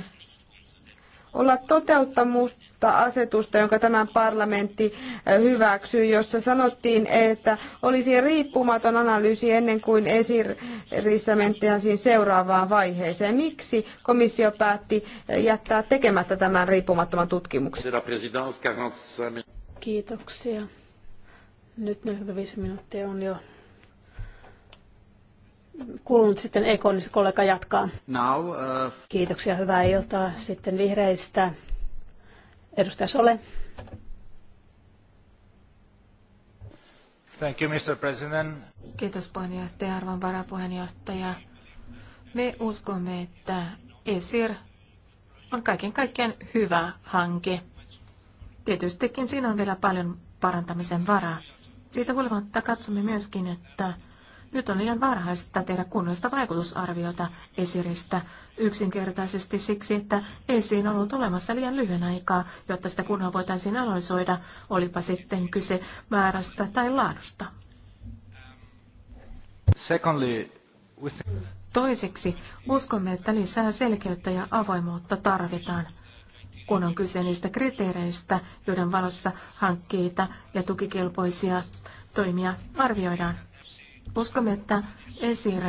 olla toteuttamatta asetusta, jonka tämän parlamentti hyväksyi, jossa sanottiin, että olisi riippumaton analyysi ennen kuin esirissä mentiin seuraavaan vaiheeseen. Miksi komissio päätti jättää tekemättä tämän riippumattoman tutkimuksen? Kiitoksia. Nyt 45 minuuttia on jo kulunut sitten Ekonissa kollega jatkaa. Now, uh... Kiitoksia, hyvää iltaa. Sitten vihreistä Edustaja Sole. Thank you, Mr. President. Kiitos puheenjohtaja, arvon varapuheenjohtaja. Me uskomme, että ESIR on kaiken kaikkiaan hyvä hanke. Tietystikin siinä on vielä paljon parantamisen varaa. Siitä huolimatta katsomme myöskin, että nyt on liian varhaista tehdä kunnollista vaikutusarviota esiristä yksinkertaisesti siksi, että esiin on ollut olemassa liian lyhyen aikaa, jotta sitä kunnolla voitaisiin analysoida, olipa sitten kyse määrästä tai laadusta. Secondly, with... Toiseksi, uskomme, että lisää selkeyttä ja avoimuutta tarvitaan kun on kyse niistä kriteereistä, joiden valossa hankkeita ja tukikelpoisia toimia arvioidaan. Uskomme, että ESIR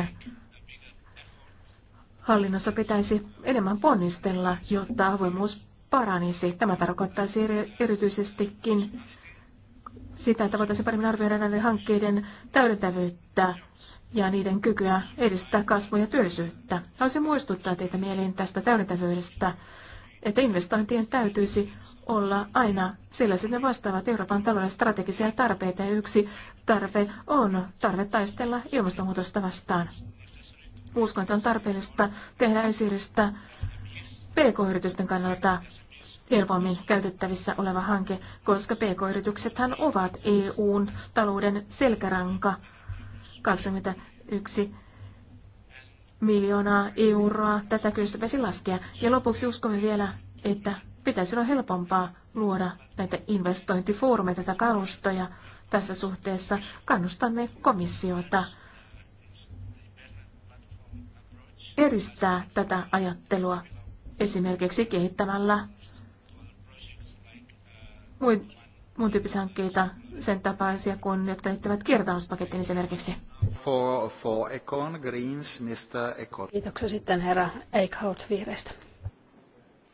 hallinnossa pitäisi enemmän ponnistella, jotta avoimuus paranisi. Tämä tarkoittaisi erityisestikin sitä, että voitaisiin paremmin arvioida näiden hankkeiden täydentävyyttä ja niiden kykyä edistää kasvua ja työllisyyttä. Haluaisin muistuttaa teitä mieliin tästä täydentävyydestä että investointien täytyisi olla aina sellaiset, ne vastaavat Euroopan talouden strategisia tarpeita ja yksi tarve on tarve taistella ilmastonmuutosta vastaan. Uskon, että on tarpeellista tehdä esiristä PK-yritysten kannalta helpommin käytettävissä oleva hanke, koska PK-yrityksethän ovat EUn talouden selkäranka. 21 miljoonaa euroa tätä kyllä pitäisi laskea. Ja lopuksi uskomme vielä, että pitäisi olla helpompaa luoda näitä investointifoorumeita tai kalustoja tässä suhteessa. Kannustamme komissiota eristää tätä ajattelua esimerkiksi kehittämällä muun tyyppisiä hankkeita sen tapaisia, kun jotka liittyvät kiertotalouspakettiin esimerkiksi. For, for Econ, Greens, Mr. Econ. Kiitoksia sitten herra Eichhout vihreistä.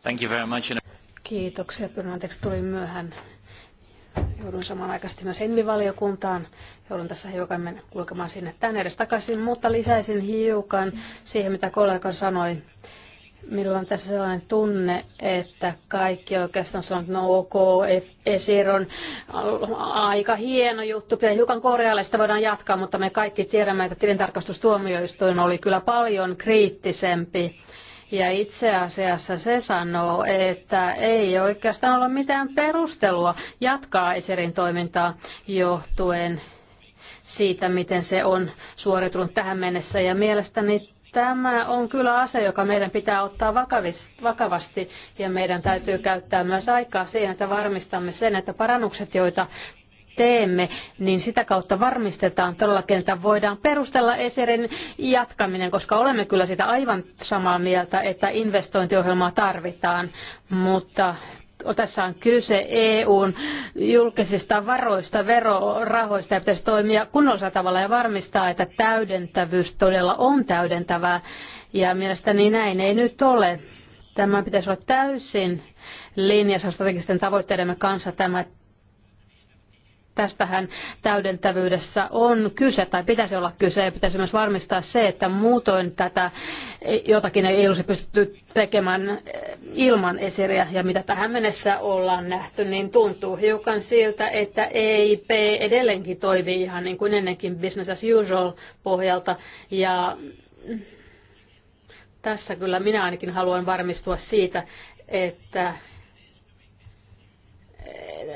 Thank you very much. Kiitoksia. Pyydän anteeksi, tulin myöhään. Joudun samanaikaisesti myös Envivaliokuntaan. Joudun tässä hiukan mennä kulkemaan sinne tänne edes takaisin, mutta lisäisin hiukan siihen, mitä kollega sanoi. Minulla on tässä sellainen tunne, että kaikki oikeastaan sanoo, että no ok, e- Esir on aika hieno juttu. Kyllä hiukan korjaalle voidaan jatkaa, mutta me kaikki tiedämme, että tilintarkastustuomioistuin oli kyllä paljon kriittisempi. Ja itse asiassa se sanoo, että ei oikeastaan ole mitään perustelua jatkaa Esirin toimintaa johtuen siitä, miten se on suoritunut tähän mennessä. Ja mielestäni Tämä on kyllä asia, joka meidän pitää ottaa vakavasti ja meidän täytyy käyttää myös aikaa siihen, että varmistamme sen, että parannukset, joita teemme, niin sitä kautta varmistetaan todellakin, että voidaan perustella Eserin jatkaminen, koska olemme kyllä sitä aivan samaa mieltä, että investointiohjelmaa tarvitaan, mutta tässä on kyse EUn julkisista varoista, verorahoista ja pitäisi toimia kunnollisella tavalla ja varmistaa, että täydentävyys todella on täydentävää. Ja mielestäni näin ei nyt ole. Tämä pitäisi olla täysin linjassa strategisten tavoitteidemme kanssa. Tämä tästähän täydentävyydessä on kyse, tai pitäisi olla kyse, ja pitäisi myös varmistaa se, että muutoin tätä jotakin ei olisi pystytty tekemään eh, ilman esiriä, ja mitä tähän mennessä ollaan nähty, niin tuntuu hiukan siltä, että EIP edelleenkin toimii ihan niin kuin ennenkin business as usual pohjalta, ja tässä kyllä minä ainakin haluan varmistua siitä, että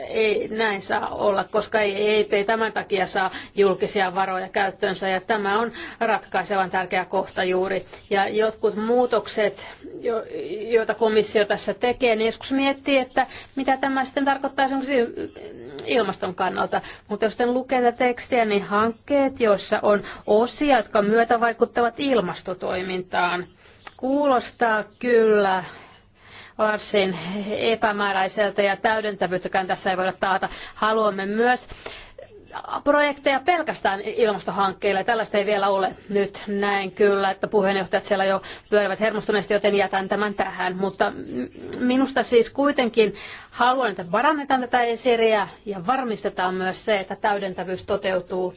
ei näin saa olla, koska ei EIP tämän takia saa julkisia varoja käyttöönsä ja tämä on ratkaisevan tärkeä kohta juuri. Ja jotkut muutokset, joita komissio tässä tekee, niin joskus miettii, että mitä tämä sitten tarkoittaa ilmaston kannalta. Mutta jos sitten lukee tätä tekstiä, niin hankkeet, joissa on osia, jotka myötä vaikuttavat ilmastotoimintaan, kuulostaa kyllä varsin epämääräiseltä ja täydentävyyttäkään tässä ei voida taata. Haluamme myös projekteja pelkästään ilmastohankkeille. Tällaista ei vielä ole. Nyt näen kyllä, että puheenjohtajat siellä jo pyörivät hermostuneesti, joten jätän tämän tähän. Mutta minusta siis kuitenkin haluan, että parannetaan tätä esiriä ja varmistetaan myös se, että täydentävyys toteutuu,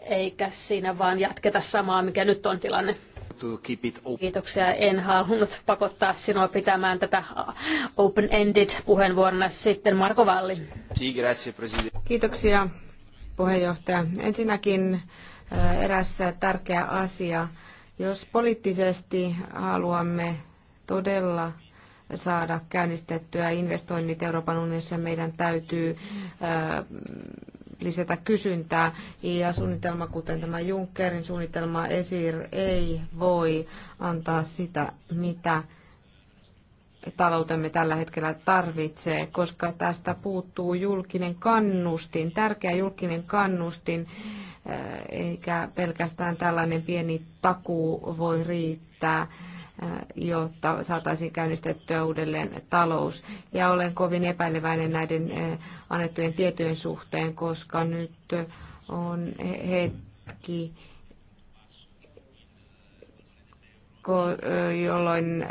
eikä siinä vaan jatketa samaa, mikä nyt on tilanne. Kiitoksia. En halunnut pakottaa sinua pitämään tätä open-ended puheenvuorona sitten Marko Valli. Kiitoksia puheenjohtaja. Ensinnäkin äh, eräs tärkeä asia. Jos poliittisesti haluamme todella saada käynnistettyä investoinnit Euroopan unionissa, meidän täytyy äh, lisätä kysyntää ja suunnitelma, kuten tämä Junckerin suunnitelma ESIR, ei voi antaa sitä, mitä taloutemme tällä hetkellä tarvitsee, koska tästä puuttuu julkinen kannustin, tärkeä julkinen kannustin, eh, eikä pelkästään tällainen pieni takuu voi riittää jotta saataisiin käynnistettyä uudelleen talous. Ja olen kovin epäileväinen näiden annettujen tietojen suhteen, koska nyt on hetki, jolloin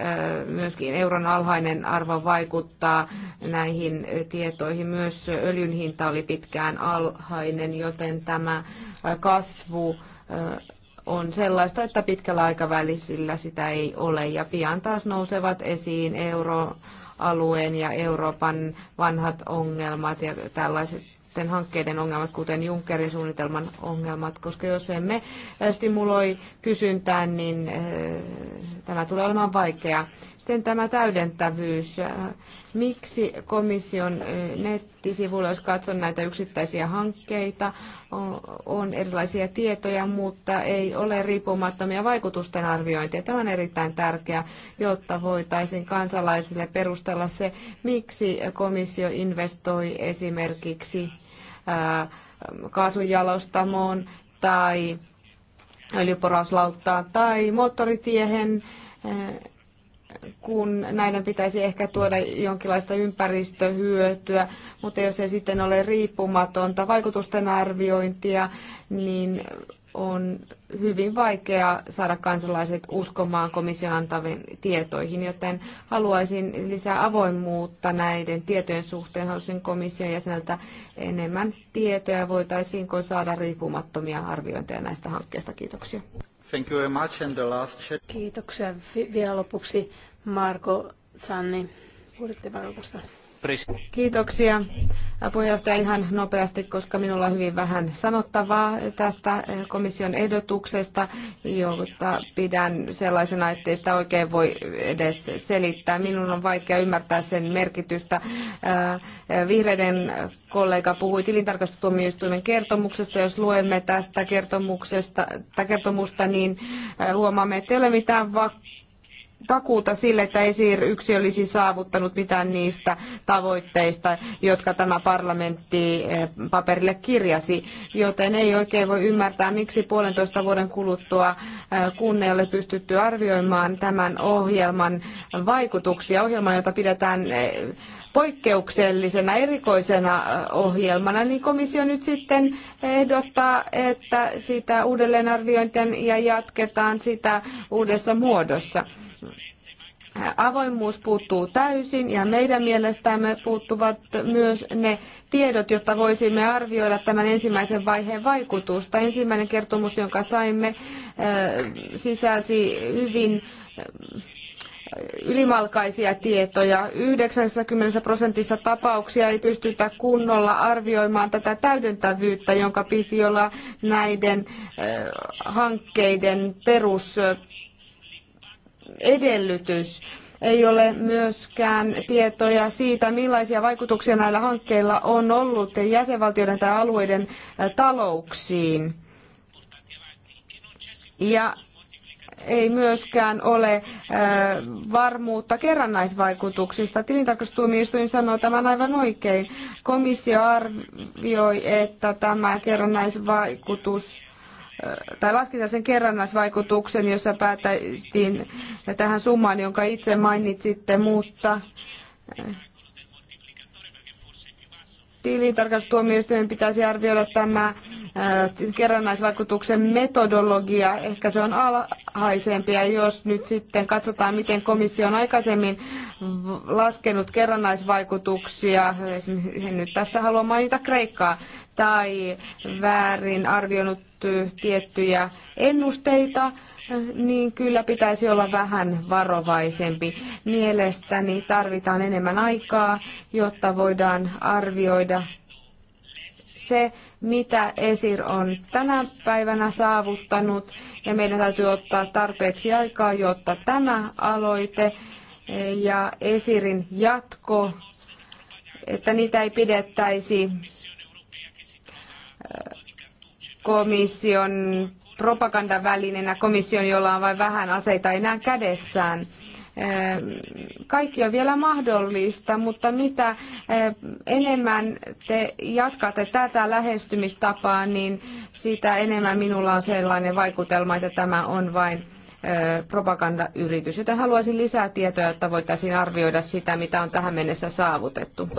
myöskin euron alhainen arvo vaikuttaa näihin tietoihin. Myös öljyn hinta oli pitkään alhainen, joten tämä kasvu on sellaista, että pitkällä aikavälisillä sitä ei ole. Ja pian taas nousevat esiin euroalueen ja Euroopan vanhat ongelmat ja tällaiset hankkeiden ongelmat, kuten Junckerin suunnitelman ongelmat, koska jos emme eh, stimuloi kysyntää, niin eh, tämä tulee olemaan vaikea. Sitten tämä täydentävyys. Miksi komission eh, nettisivuilla, jos katson näitä yksittäisiä hankkeita, on erilaisia tietoja, mutta ei ole riippumattomia vaikutusten arviointia. Tämä on erittäin tärkeää, jotta voitaisiin kansalaisille perustella se, miksi komissio investoi esimerkiksi eh, kaasujalostamoon tai öljyporauslauttaan tai moottoritiehen eh, kun näiden pitäisi ehkä tuoda jonkinlaista ympäristöhyötyä, mutta jos ei sitten ole riippumatonta vaikutusten arviointia, niin on hyvin vaikea saada kansalaiset uskomaan komission antaviin tietoihin, joten haluaisin lisää avoimuutta näiden tietojen suhteen. Haluaisin komission jäseneltä enemmän tietoja. Voitaisiinko saada riippumattomia arviointeja näistä hankkeista? Kiitoksia. Thank you very much. And the last... Kiitoksia. Vielä lopuksi Marko Sanni budjettivalvokusta. Kiitoksia. Puheenjohtaja ihan nopeasti, koska minulla on hyvin vähän sanottavaa tästä komission ehdotuksesta, jota pidän sellaisena, ettei sitä oikein voi edes selittää. Minun on vaikea ymmärtää sen merkitystä. Äh, vihreiden kollega puhui tilintarkastustuomioistuimen kertomuksesta. Jos luemme tästä kertomuksesta, kertomusta, niin äh, huomaamme, että ei ole mitään vakuutusta takuuta sille, että ESIR yksi olisi saavuttanut mitään niistä tavoitteista, jotka tämä parlamentti eh, paperille kirjasi, joten ei oikein voi ymmärtää, miksi puolentoista vuoden kuluttua, eh, kun ei ole pystytty arvioimaan tämän ohjelman vaikutuksia, ohjelman, jota pidetään eh, poikkeuksellisena, erikoisena ohjelmana, niin komissio nyt sitten ehdottaa, että sitä uudelleenarviointia ja jatketaan sitä uudessa muodossa avoimuus puuttuu täysin ja meidän mielestämme puuttuvat myös ne tiedot, jotta voisimme arvioida tämän ensimmäisen vaiheen vaikutusta. Ensimmäinen kertomus, jonka saimme, äh, sisälsi hyvin äh, ylimalkaisia tietoja. 90 prosentissa tapauksia ei pystytä kunnolla arvioimaan tätä täydentävyyttä, jonka piti olla näiden äh, hankkeiden perus edellytys. Ei ole myöskään tietoja siitä, millaisia vaikutuksia näillä hankkeilla on ollut jäsenvaltioiden tai alueiden talouksiin. Ja ei myöskään ole varmuutta kerrannaisvaikutuksista. Tilintarkastustuomioistuin sanoo tämän aivan oikein. Komissio arvioi, että tämä kerrannaisvaikutus tai lasketaan sen kerrannaisvaikutuksen, jossa päätäistiin tähän summaan, jonka itse mainitsitte, mutta tilintarkastustuomioistuimen pitäisi arvioida tämä kerrannaisvaikutuksen metodologia. Ehkä se on alhaisempi ja jos nyt sitten katsotaan, miten komissio on aikaisemmin laskenut kerrannaisvaikutuksia, esimerkiksi nyt tässä haluan mainita Kreikkaa, tai väärin arvioinut tiettyjä ennusteita, niin kyllä pitäisi olla vähän varovaisempi. Mielestäni tarvitaan enemmän aikaa, jotta voidaan arvioida se, mitä ESIR on tänä päivänä saavuttanut, ja meidän täytyy ottaa tarpeeksi aikaa, jotta tämä aloite ja ESIRin jatko, että niitä ei pidettäisi komission propagandavälineenä komission, jolla on vain vähän aseita enää kädessään. Eh, kaikki on vielä mahdollista, mutta mitä eh, enemmän te jatkatte tätä lähestymistapaa, niin sitä enemmän minulla on sellainen vaikutelma, että tämä on vain eh, propagandayritys, joten haluaisin lisää tietoja, että voitaisiin arvioida sitä, mitä on tähän mennessä saavutettu.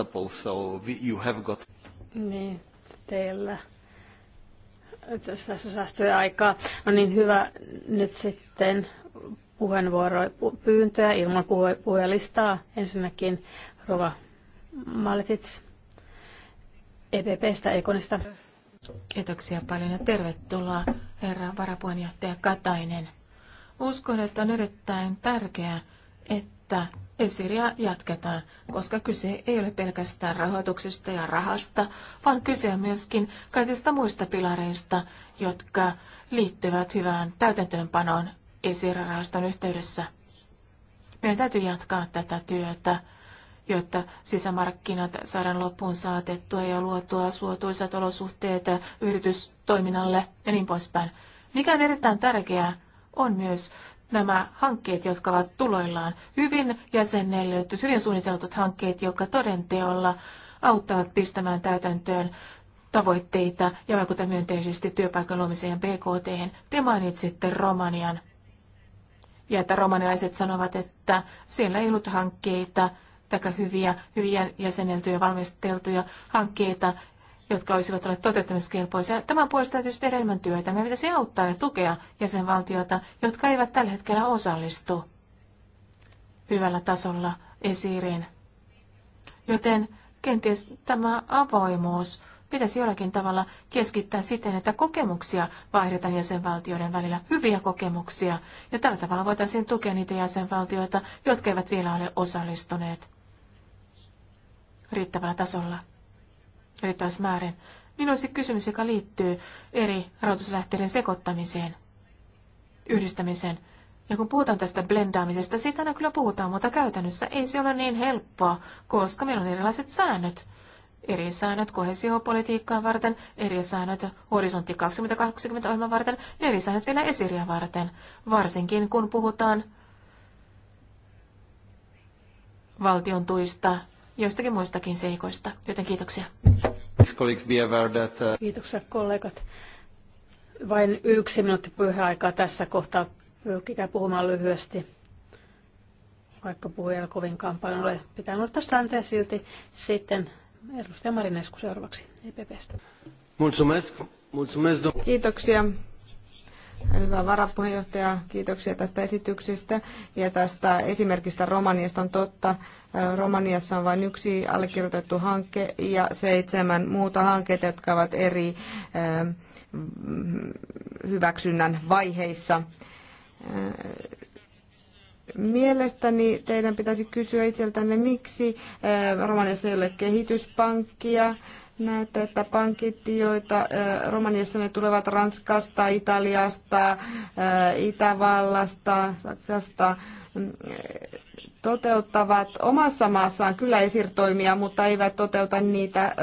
Niin, teillä tässä säästöjen aikaa. No niin hyvä nyt sitten puheenvuoroja pyyntöä ilman puhe, puhelistaa. Ensinnäkin Rova Maletits EPPstä Ekonista. Kiitoksia paljon ja tervetuloa herra varapuheenjohtaja Katainen. Uskon, että on erittäin tärkeää, että Esiria jatketaan, koska kyse ei ole pelkästään rahoituksesta ja rahasta, vaan kyse on myöskin kaikista muista pilareista, jotka liittyvät hyvään täytäntöönpanoon Esirahaston yhteydessä. Meidän täytyy jatkaa tätä työtä, jotta sisämarkkinat saadaan loppuun saatettua ja luotua suotuisat olosuhteet yritystoiminnalle ja niin poispäin. Mikä on erittäin tärkeää, on myös nämä hankkeet, jotka ovat tuloillaan, hyvin jäsennellyt, hyvin suunniteltut hankkeet, jotka todenteolla auttavat pistämään täytäntöön tavoitteita ja vaikuttaa myönteisesti työpaikan luomiseen ja BKT. Te mainitsitte Romanian. Ja että Romanilaiset sanovat, että siellä ei ollut hankkeita, tai hyviä, hyviä jäseneltyjä, valmisteltuja hankkeita, jotka olisivat olleet toteuttamiskelpoisia. Tämän puolesta täytyisi tehdä enemmän työtä. Meidän pitäisi auttaa ja tukea jäsenvaltioita, jotka eivät tällä hetkellä osallistu hyvällä tasolla esiriin. Joten kenties tämä avoimuus pitäisi jollakin tavalla keskittää siten, että kokemuksia vaihdetaan jäsenvaltioiden välillä, hyviä kokemuksia, ja tällä tavalla voitaisiin tukea niitä jäsenvaltioita, jotka eivät vielä ole osallistuneet riittävällä tasolla riittävässä määrin. Minulla se kysymys, joka liittyy eri rahoituslähteiden sekoittamiseen, yhdistämiseen. Ja kun puhutaan tästä blendaamisesta, siitä aina kyllä puhutaan, mutta käytännössä ei se ole niin helppoa, koska meillä on erilaiset säännöt. Eri säännöt kohesiopolitiikkaa varten, eri säännöt horisontti 2020 ohjelman varten ja eri säännöt vielä esiriä varten. Varsinkin kun puhutaan valtion tuista joistakin muistakin seikoista, joten kiitoksia. Uh, kiitoksia kollegat. Vain yksi minuutti aikaa tässä kohtaa. Pyrkikää puhumaan lyhyesti, vaikka puhujalla kovinkaan paljon ole. Pitää noita sääntöjä silti. Sitten edustaja Marinesku seuraavaksi EPPstä. Kiitoksia Hyvä varapuheenjohtaja, kiitoksia tästä esityksestä ja tästä esimerkistä Romaniasta on totta. Romaniassa on vain yksi allekirjoitettu hanke ja seitsemän muuta hanketta, jotka ovat eri hyväksynnän vaiheissa. Mielestäni teidän pitäisi kysyä itseltänne, miksi Romaniassa ei ole kehityspankkia näette, että pankit, joita Romaniassa ne tulevat Ranskasta, Italiasta, Itävallasta, Saksasta, mm, toteuttavat omassa maassaan kyllä esirtoimia, mutta eivät toteuta niitä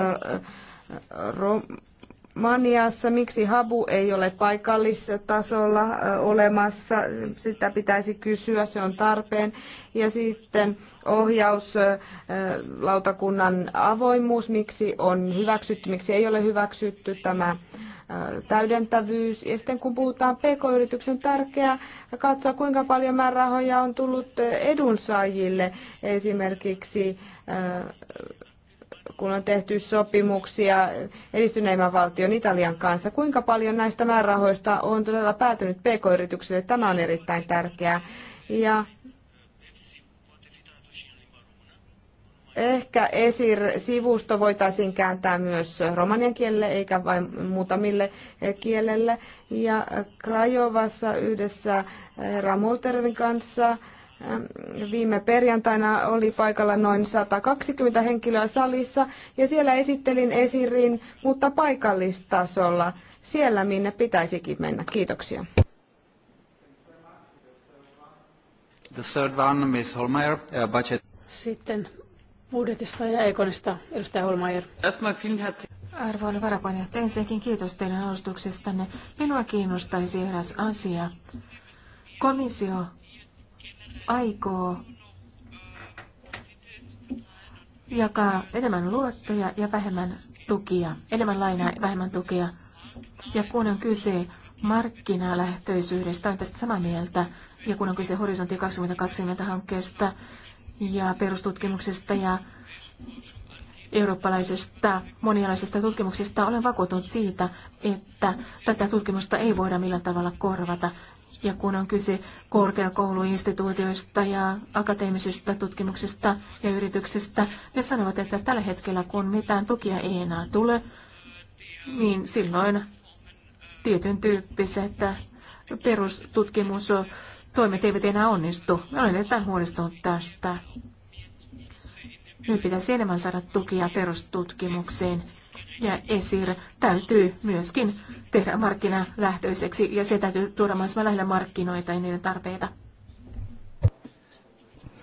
Maniassa, miksi habu ei ole paikallistasolla olemassa, sitä pitäisi kysyä, se on tarpeen. Ja sitten ohjauslautakunnan avoimuus, miksi on hyväksytty, miksi ei ole hyväksytty tämä täydentävyys. Ja sitten kun puhutaan pk-yrityksen tärkeää katsoa, kuinka paljon määrärahoja on tullut edunsaajille esimerkiksi kun on tehty sopimuksia edistyneimmän valtion Italian kanssa. Kuinka paljon näistä määrärahoista on todella päätynyt pk-yrityksille? Tämä on erittäin tärkeää. Ja Ehkä ESIR-sivusto voitaisiin kääntää myös romanian kielelle eikä vain muutamille kielelle. Ja Krajovassa yhdessä Ramolterin kanssa Viime perjantaina oli paikalla noin 120 henkilöä salissa ja siellä esittelin esirin, mutta paikallistasolla siellä, minne pitäisikin mennä. Kiitoksia. The third one, Ms. Holmeyer, uh, budget. Sitten budjetista ja ekonista, edustaja Holmeyer. Arvoinen varapuheenjohtaja, ensinnäkin kiitos teidän alustuksestanne. Minua kiinnostaisi eräs asia. Komissio aikoo jakaa enemmän luottoja ja vähemmän tukia, enemmän lainaa ja vähemmän tukia. Ja kun on kyse markkinalähtöisyydestä, on tästä samaa mieltä. Ja kun on kyse Horisontti 2020 hankkeesta ja perustutkimuksesta ja eurooppalaisesta monialaisesta tutkimuksesta. Olen vakuutunut siitä, että tätä tutkimusta ei voida millään tavalla korvata. Ja kun on kyse korkeakouluinstituutioista ja akateemisesta tutkimuksesta ja yrityksistä, ne sanovat, että tällä hetkellä kun mitään tukia ei enää tule, niin silloin tietyn tyyppiset perustutkimus toimet eivät enää onnistu. Olen erittäin huolestunut tästä. Nyt pitäisi enemmän saada tukia perustutkimukseen. Ja ESIR täytyy myöskin tehdä markkinalähtöiseksi ja se täytyy tuoda mahdollisimman lähellä markkinoita ja niiden tarpeita.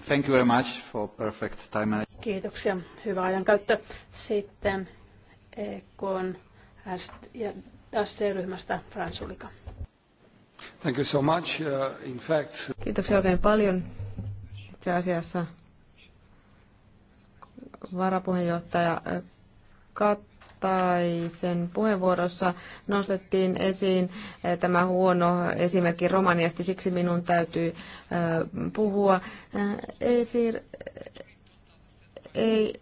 Thank you very much for perfect time. Kiitoksia. Hyvä ajankäyttö. Sitten EK ja ST-ryhmästä Frans Ulika. Thank you so much. Uh, in fact... Kiitoksia oikein paljon. Itse asiassa varapuheenjohtaja Kataisen puheenvuorossa nostettiin esiin eh, tämä huono esimerkki Romaniasta, siksi minun täytyy eh, puhua. Eh, Esir ei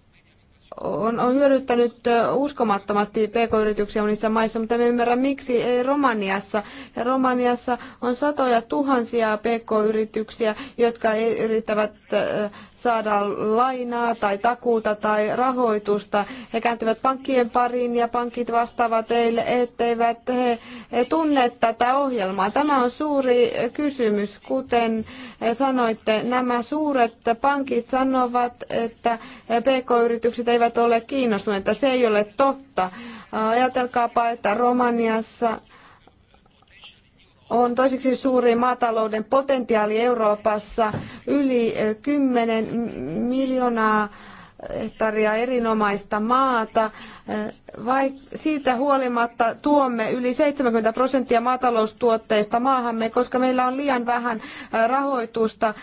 on, on hyödyttänyt uskomattomasti pk-yrityksiä monissa maissa, mutta me ymmärrä miksi ei Romaniassa. Ja Romaniassa on satoja tuhansia pk-yrityksiä, jotka yrittävät saada lainaa tai takuuta tai rahoitusta. He kääntyvät pankkien pariin ja pankit vastaavat heille, etteivät he tunne tätä ohjelmaa. Tämä on suuri kysymys. Kuten sanoitte, nämä suuret pankit sanovat, että pk-yritykset eivät ole kiinnostuneita. Se ei ole totta. Ajatelkaapa, että Romaniassa on toiseksi suuri maatalouden potentiaali Euroopassa, yli kymmenen miljoonaa hehtaaria erinomaista maata. Vai, siitä huolimatta tuomme yli 70 prosenttia maataloustuotteista maahamme, koska meillä on liian vähän rahoitusta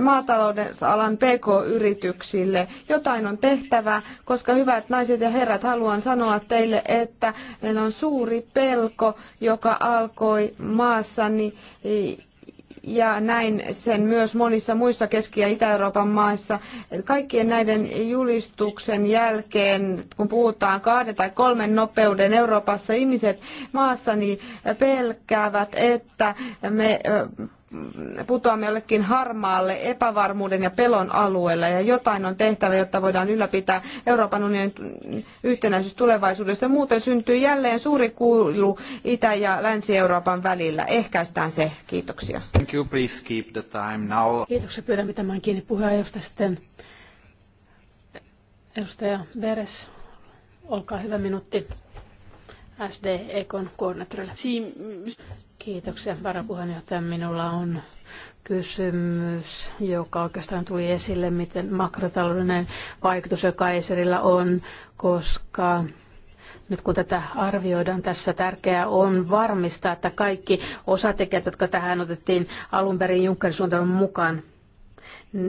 maatalousalan PK-yrityksille. Jotain on tehtävä, koska hyvät naiset ja herrat, haluan sanoa teille, että meillä on suuri pelko, joka alkoi maassani ja näin sen myös monissa muissa Keski- ja Itä-Euroopan maissa. Kaikkien näiden julistuksen jälkeen, kun puhutaan kahden tai kolmen nopeuden Euroopassa, ihmiset maassani pelkäävät, että me putoamme jollekin harmaalle epävarmuuden ja pelon alueella ja jotain on tehtävä, jotta voidaan ylläpitää Euroopan unionin yhtenäisyys tulevaisuudesta. Muuten syntyy jälleen suuri kuulu Itä- ja Länsi-Euroopan välillä. Ehkäistään se. Kiitoksia. Thank you. Please keep the time now. Kiitoksia. Pyydän pitämään kiinni puheenjohtajasta sitten. Edustaja Beres, olkaa hyvä minuutti. SD Ekon koordinaattorille. Kiitoksia varapuheenjohtaja. Minulla on kysymys, joka oikeastaan tuli esille, miten makrotaloudellinen vaikutus, joka Eserillä on, koska nyt kun tätä arvioidaan, tässä tärkeää on varmistaa, että kaikki osatekijät, jotka tähän otettiin alun perin Junckerin suunnitelman mukaan,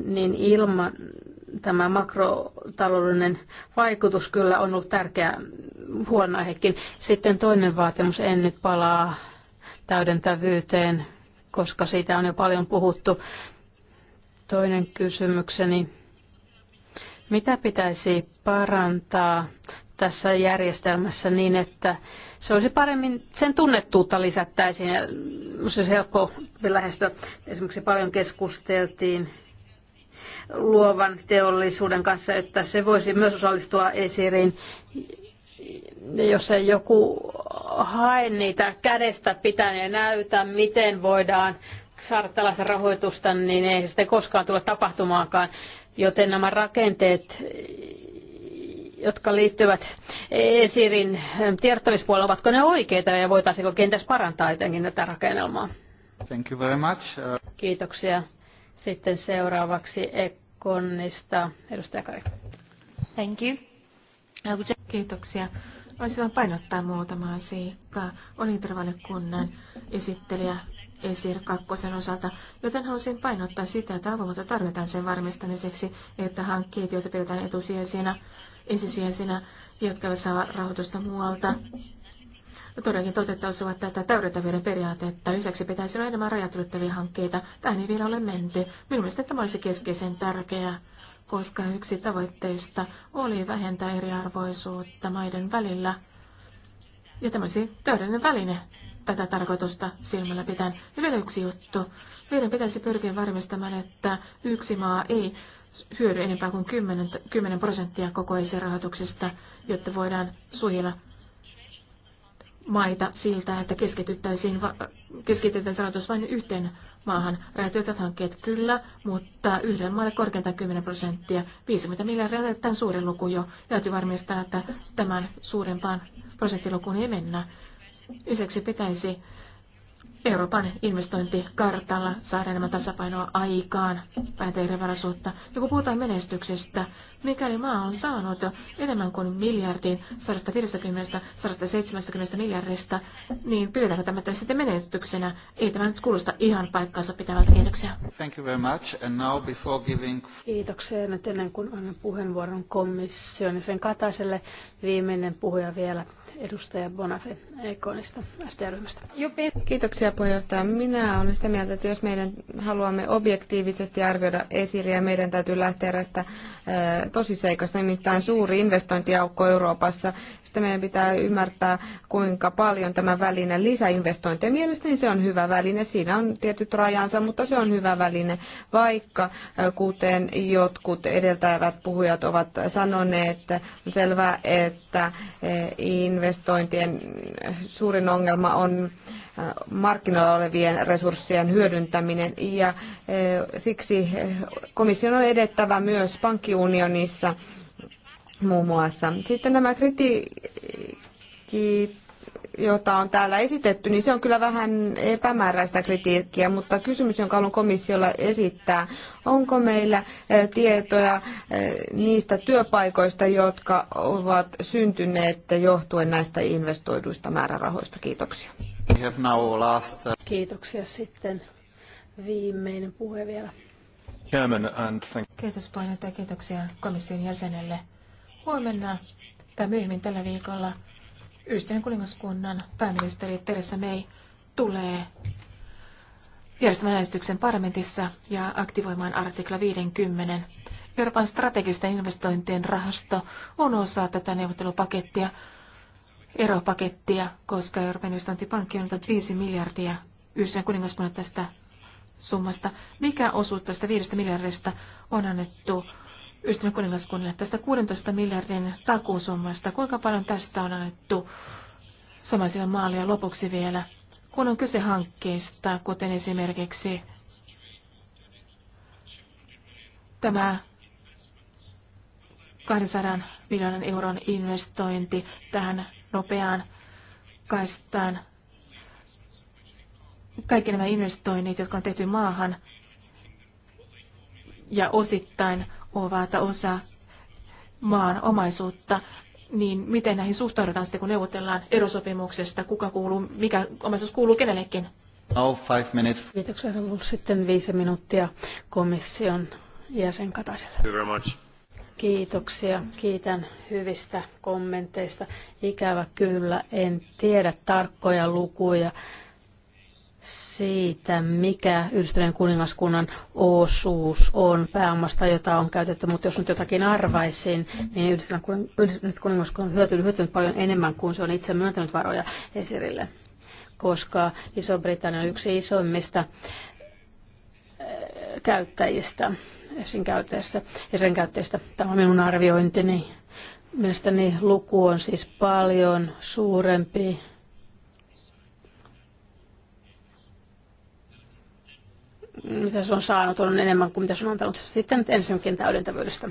niin ilman tämä makrotaloudellinen vaikutus kyllä on ollut tärkeä huolenaihekin. Sitten toinen vaatimus, en nyt palaa täydentävyyteen, koska siitä on jo paljon puhuttu. Toinen kysymykseni. Mitä pitäisi parantaa tässä järjestelmässä niin, että se olisi paremmin, sen tunnettuutta lisättäisiin ja se olisi helppo lähestyä. Esimerkiksi paljon keskusteltiin luovan teollisuuden kanssa, että se voisi myös osallistua esiriin jos ei joku hae niitä kädestä pitäen ja näytä, miten voidaan saada tällaista rahoitusta, niin ei se sitten koskaan tule tapahtumaankaan. Joten nämä rakenteet, jotka liittyvät esirin tiedottamispuolella, ovatko ne oikeita ja voitaisiinko kenties parantaa jotenkin tätä rakennelmaa? Thank you very much. Uh, Kiitoksia. Sitten seuraavaksi Ekonista. Edustaja Kari. Thank you. Kiitoksia. Voisin vain painottaa muutamaa seikkaa. Olintervallekunnan esittelijä Esir kakkosen osalta, joten haluaisin painottaa sitä, että avoimuutta tarvitaan sen varmistamiseksi, että hankkeet, joita pidetään etusijaisina, ensisijaisina, jotka saa rahoitusta muualta, todellakin toteuttaisivat tätä täydentävyyden periaatetta. Lisäksi pitäisi olla enemmän rajat hankkeita. Tähän ei vielä ole menty. Minun mielestä tämä olisi keskeisen tärkeää koska yksi tavoitteista oli vähentää eriarvoisuutta maiden välillä. Ja tämä olisi täydellinen väline tätä tarkoitusta silmällä pitäen. Ja vielä yksi juttu. Meidän pitäisi pyrkiä varmistamaan, että yksi maa ei hyödy enempää kuin 10, 10 prosenttia koko rahoituksesta, jotta voidaan suojella maita siltä, että keskityttäisiin, keskitetään rahoitus vain yhteen maahan. Räätyötät hankkeet kyllä, mutta yhden maalle korkeintaan 10 prosenttia. 50 miljardia on erittäin suuri luku jo. Täytyy varmistaa, että tämän suurempaan prosenttilukuun ei mennä. Lisäksi pitäisi Euroopan investointikartalla saada enemmän tasapainoa aikaan päätä Ja kun puhutaan menestyksestä, mikäli maa on saanut enemmän kuin miljardin 150-170 miljardista, niin pidetäänkö tämä sitten menestyksenä? Ei tämä nyt kuulosta ihan paikkaansa pitävältä. Kiitoksia. Thank you very much. And now before giving... Kiitoksia. Nyt ennen kuin annan puheenvuoron komission ja sen Kataiselle, viimeinen puhuja vielä edustaja Bonafe Ekonista ryhmästä Kiitoksia puheenjohtaja. Minä olen sitä mieltä, että jos meidän haluamme objektiivisesti arvioida esiriä, meidän täytyy lähteä tästä tosiseikasta, nimittäin suuri investointiaukko Euroopassa. Sitten meidän pitää ymmärtää, kuinka paljon tämä väline lisäinvestointeja. Mielestäni se on hyvä väline. Siinä on tietyt rajansa, mutta se on hyvä väline, vaikka kuten jotkut edeltävät puhujat ovat sanoneet, on selvää, että investointi investointien suurin ongelma on äh, markkinoilla olevien resurssien hyödyntäminen ja äh, siksi komission on edettävä myös pankkiunionissa muun muassa. Sitten nämä kritiikit jota on täällä esitetty, niin se on kyllä vähän epämääräistä kritiikkiä, mutta kysymys, jonka haluan komissiolla esittää, onko meillä tietoja niistä työpaikoista, jotka ovat syntyneet johtuen näistä investoiduista määrärahoista? Kiitoksia. Uh, kiitoksia sitten. Viimeinen puhe vielä. Kiitos puheenjohtaja, kiitoksia komission jäsenelle. Huomenna tai myöhemmin tällä viikolla Yhdistyneen kuningaskunnan pääministeri Theresa May tulee järjestämään äänestyksen parlamentissa ja aktivoimaan artikla 50. Euroopan strategisten investointien rahasto on osa tätä neuvottelupakettia, eropakettia, koska Euroopan investointipankki on antanut 5 miljardia Yhdistyneen kuningaskunnan tästä summasta. Mikä osuus tästä 5 miljardista on annettu yhdistynyt kuningaskunnille tästä 16 miljardin takuusummasta. Kuinka paljon tästä on annettu samaisille maalle lopuksi vielä, kun on kyse hankkeista, kuten esimerkiksi tämä 200 miljoonan euron investointi tähän nopeaan kaistaan. Kaikki nämä investoinnit, jotka on tehty maahan ja osittain ovat osa maan omaisuutta, niin miten näihin suhtaudutaan sitten, kun neuvotellaan erosopimuksesta, kuka kuuluu, mikä omaisuus kuuluu kenellekin? Now five minutes. Kiitoksia. No, sitten viisi minuuttia komission jäsen Kataiselle. Thank you very much. Kiitoksia. Kiitän hyvistä kommenteista. Ikävä kyllä en tiedä tarkkoja lukuja siitä, mikä Yhdistyneen kuningaskunnan osuus on pääomasta, jota on käytetty, mutta jos nyt jotakin arvaisin, niin Yhdistyneen kuningaskunnan on hyötynyt, paljon enemmän kuin se on itse myöntänyt varoja esirille, koska Iso-Britannia on yksi isoimmista eh, käyttäjistä, esin käyttäjistä, sen käyttäjistä. Tämä on minun arviointini. Mielestäni luku on siis paljon suurempi mitä se on saanut, on enemmän kuin mitä se on antanut. Sitten ensinnäkin täydentävyydestä.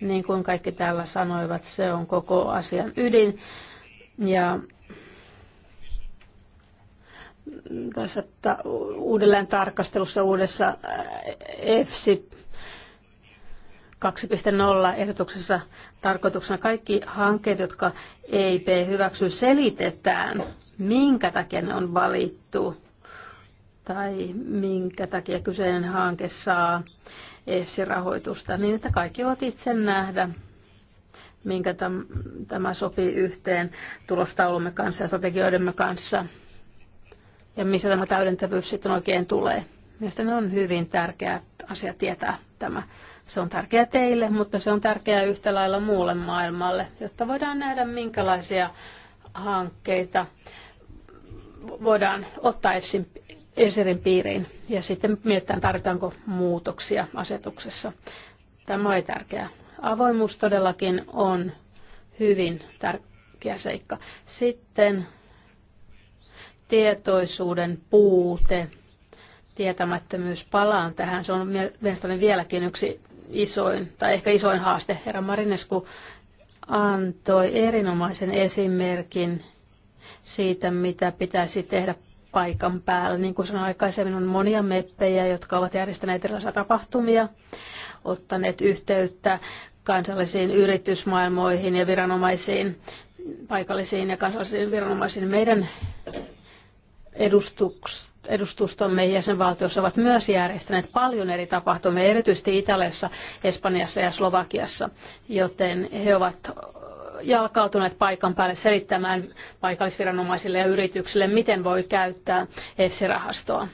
Niin kuin kaikki täällä sanoivat, se on koko asian ydin. Ja tässä että uudelleen tarkastelussa uudessa EFSI 2.0 ehdotuksessa tarkoituksena kaikki hankkeet, jotka EIP hyväksyy, selitetään, minkä takia ne on valittu tai minkä takia kyseinen hanke saa EFSI-rahoitusta, niin että kaikki voivat itse nähdä, minkä täm, tämä sopii yhteen tulostaulumme kanssa ja strategioidemme kanssa ja missä tämä täydentävyys sitten oikein tulee. Mielestäni on hyvin tärkeä asia tietää tämä. Se on tärkeä teille, mutta se on tärkeää yhtä lailla muulle maailmalle, jotta voidaan nähdä, minkälaisia hankkeita voidaan ottaa EFSin Esirin piiriin ja sitten mietitään, tarvitaanko muutoksia asetuksessa. Tämä on tärkeää. Avoimuus todellakin on hyvin tärkeä seikka. Sitten tietoisuuden puute, tietämättömyys. Palaan tähän. Se on mielestäni vieläkin yksi isoin, tai ehkä isoin haaste. Herra Marinesku antoi erinomaisen esimerkin siitä, mitä pitäisi tehdä paikan päällä. Niin kuin sanoin aikaisemmin, on monia meppejä, jotka ovat järjestäneet erilaisia tapahtumia, ottaneet yhteyttä kansallisiin yritysmaailmoihin ja viranomaisiin, paikallisiin ja kansallisiin viranomaisiin. Meidän edustustomme jäsenvaltiossa ovat myös järjestäneet paljon eri tapahtumia, erityisesti Italiassa, Espanjassa ja Slovakiassa, joten he ovat jalkautuneet paikan päälle selittämään paikallisviranomaisille ja yrityksille, miten voi käyttää EFSI-rahastoa.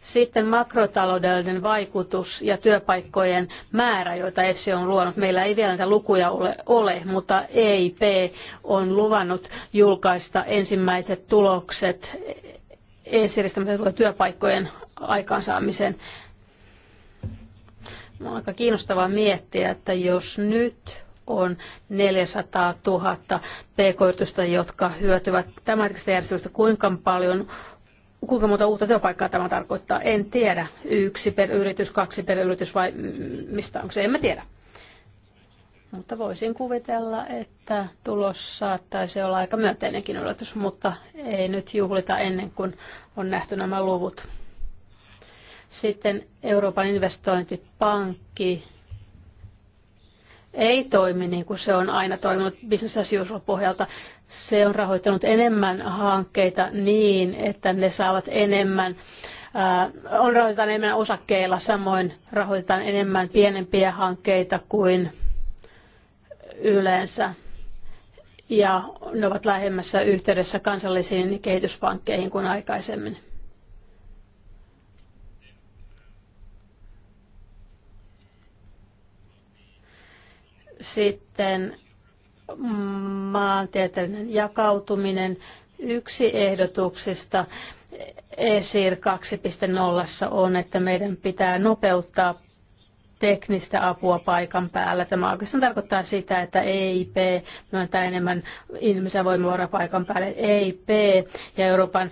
Sitten makrotaloudellinen vaikutus ja työpaikkojen määrä, joita EFSI on luonut. Meillä ei vielä näitä lukuja ole, ole, mutta EIP on luvannut julkaista ensimmäiset tulokset ESIRistä, mitä tulee työpaikkojen aikaansaamiseen. On aika kiinnostavaa miettiä, että jos nyt on 400 000 pk-yritystä, jotka hyötyvät tämänhetkisestä järjestelystä. Kuinka paljon Kuinka monta uutta työpaikkaa tämä tarkoittaa? En tiedä. Yksi per yritys, kaksi per yritys vai mistä onko se? En mä tiedä. Mutta voisin kuvitella, että tulos saattaisi olla aika myönteinenkin yllätys, mutta ei nyt juhlita ennen kuin on nähty nämä luvut. Sitten Euroopan investointipankki ei toimi niin kuin se on aina toiminut business as usual pohjalta. Se on rahoittanut enemmän hankkeita niin, että ne saavat enemmän, äh, on rahoitetaan enemmän osakkeilla, samoin rahoitetaan enemmän pienempiä hankkeita kuin yleensä. Ja ne ovat lähemmässä yhteydessä kansallisiin kehityspankkeihin kuin aikaisemmin. Sitten maantieteellinen jakautuminen. Yksi ehdotuksista ESIR 2.0 on, että meidän pitää nopeuttaa teknistä apua paikan päällä. Tämä oikeastaan tarkoittaa sitä, että EIP myöntää enemmän ihmisen voimavaraa paikan päälle. EIP ja Euroopan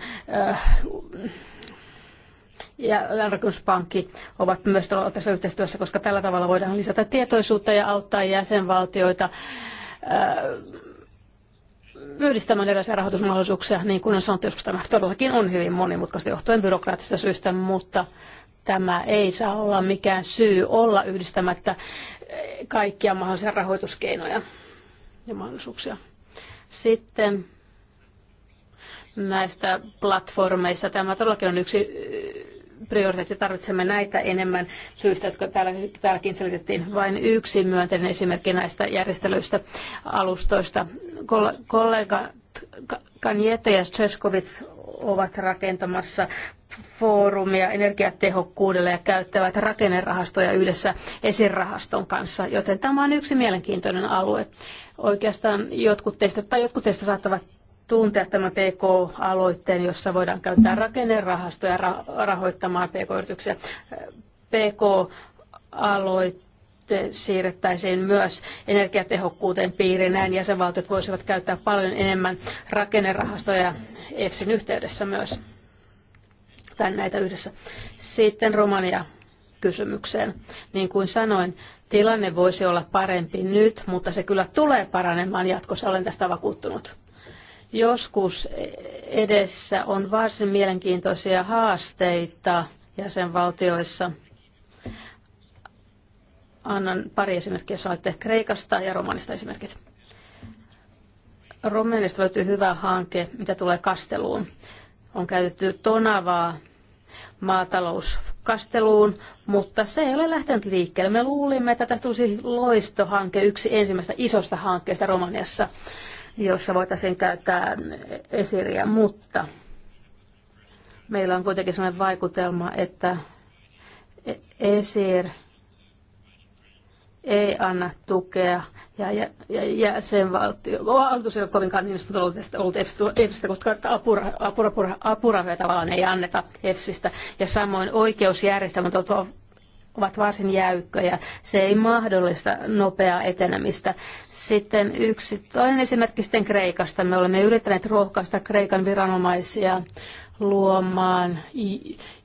äh, ja Rakennuspankki ovat myös tässä yhteistyössä, koska tällä tavalla voidaan lisätä tietoisuutta ja auttaa jäsenvaltioita äh, yhdistämään erilaisia rahoitusmahdollisuuksia, niin kuin on sanottu, joskus tämä todellakin on hyvin monimutkaista johtuen byrokraattisista syistä, mutta tämä ei saa olla mikään syy olla yhdistämättä kaikkia mahdollisia rahoituskeinoja ja mahdollisuuksia. Sitten näistä platformeista. Tämä todellakin on yksi prioriteetti. Tarvitsemme näitä enemmän syistä, jotka täällä, täälläkin selitettiin. Vain yksi myönteinen esimerkki näistä järjestelyistä alustoista. Kollega Kanjete ja Czeskovits ovat rakentamassa foorumia energiatehokkuudelle ja käyttävät rakennerahastoja yhdessä esirahaston kanssa, joten tämä on yksi mielenkiintoinen alue. Oikeastaan jotkut teistä, tai jotkut teistä saattavat tuntea tämän PK-aloitteen, jossa voidaan käyttää rakennerahastoja ra- rahoittamaan PK-yrityksiä. PK-aloitte siirrettäisiin myös energiatehokkuuteen piiriin. Näin jäsenvaltiot voisivat käyttää paljon enemmän rakennerahastoja EFSin yhteydessä myös. Tai näitä yhdessä. Sitten Romania kysymykseen. Niin kuin sanoin, tilanne voisi olla parempi nyt, mutta se kyllä tulee paranemaan jatkossa, olen tästä vakuuttunut. Joskus edessä on varsin mielenkiintoisia haasteita jäsenvaltioissa. Annan pari esimerkkiä, jos olette Kreikasta ja Romanista esimerkit. Romanista löytyy hyvä hanke, mitä tulee kasteluun. On käytetty tonavaa maatalouskasteluun, mutta se ei ole lähtenyt liikkeelle. Me luulimme, että tästä tulisi loistohanke, yksi ensimmäistä isosta hankkeesta Romaniassa jossa voitaisiin käyttää esiriä, mutta meillä on kuitenkin sellainen vaikutelma, että esir ei anna tukea ja, ja, ja jäsenvaltio, oh, hallitus ei ole kovinkaan innostunut ollut, ollut EFSistä, koska apura, apura, apura, apurahoja tavallaan ei anneta EFSistä. Ja samoin oikeusjärjestelmät ovat ovat varsin jäykköjä. Se ei mahdollista nopeaa etenemistä. Sitten yksi toinen esimerkki sitten Kreikasta. Me olemme yrittäneet rohkaista Kreikan viranomaisia luomaan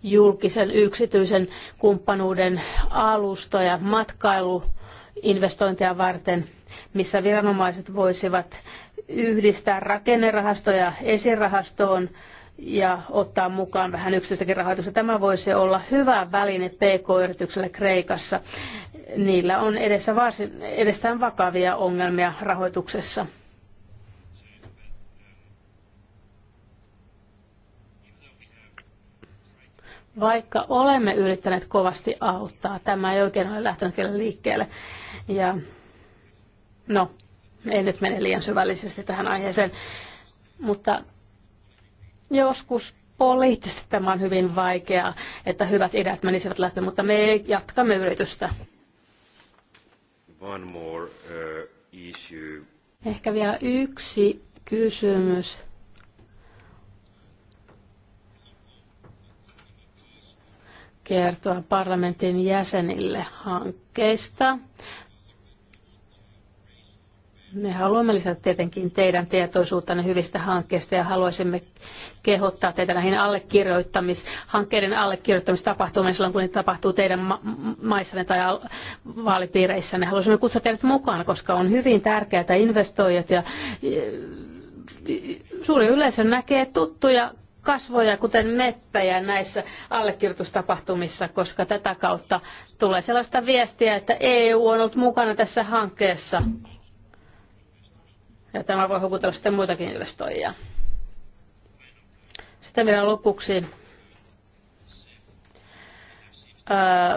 julkisen yksityisen kumppanuuden alustoja matkailuinvestointeja varten, missä viranomaiset voisivat yhdistää rakennerahastoja esirahastoon ja ottaa mukaan vähän yksityistäkin rahoitusta. Tämä voisi olla hyvä väline PK-yritykselle Kreikassa. Niillä on edessä varsin, edestään vakavia ongelmia rahoituksessa. Vaikka olemme yrittäneet kovasti auttaa, tämä ei oikein ole lähtenyt vielä liikkeelle. Ja no, en nyt mene liian syvällisesti tähän aiheeseen, mutta Joskus poliittisesti tämä on hyvin vaikeaa, että hyvät ideat menisivät läpi, mutta me jatkamme yritystä. One more, uh, issue. Ehkä vielä yksi kysymys. kertoa parlamentin jäsenille hankkeista, me haluamme lisätä tietenkin teidän tietoisuuttanne hyvistä hankkeista ja haluaisimme kehottaa teitä näihin allekirjoittamis, hankkeiden allekirjoittamistapahtumiin silloin, kun ne tapahtuu teidän ma- maissanne tai al- vaalipiireissänne. Haluaisimme kutsua teidät mukaan, koska on hyvin tärkeää, että investoijat ja eh, suuri yleisö näkee tuttuja kasvoja, kuten mettäjä näissä allekirjoitustapahtumissa, koska tätä kautta tulee sellaista viestiä, että EU on ollut mukana tässä hankkeessa. Ja tämä voi houkutella sitten muitakin investoijia. Sitten vielä lopuksi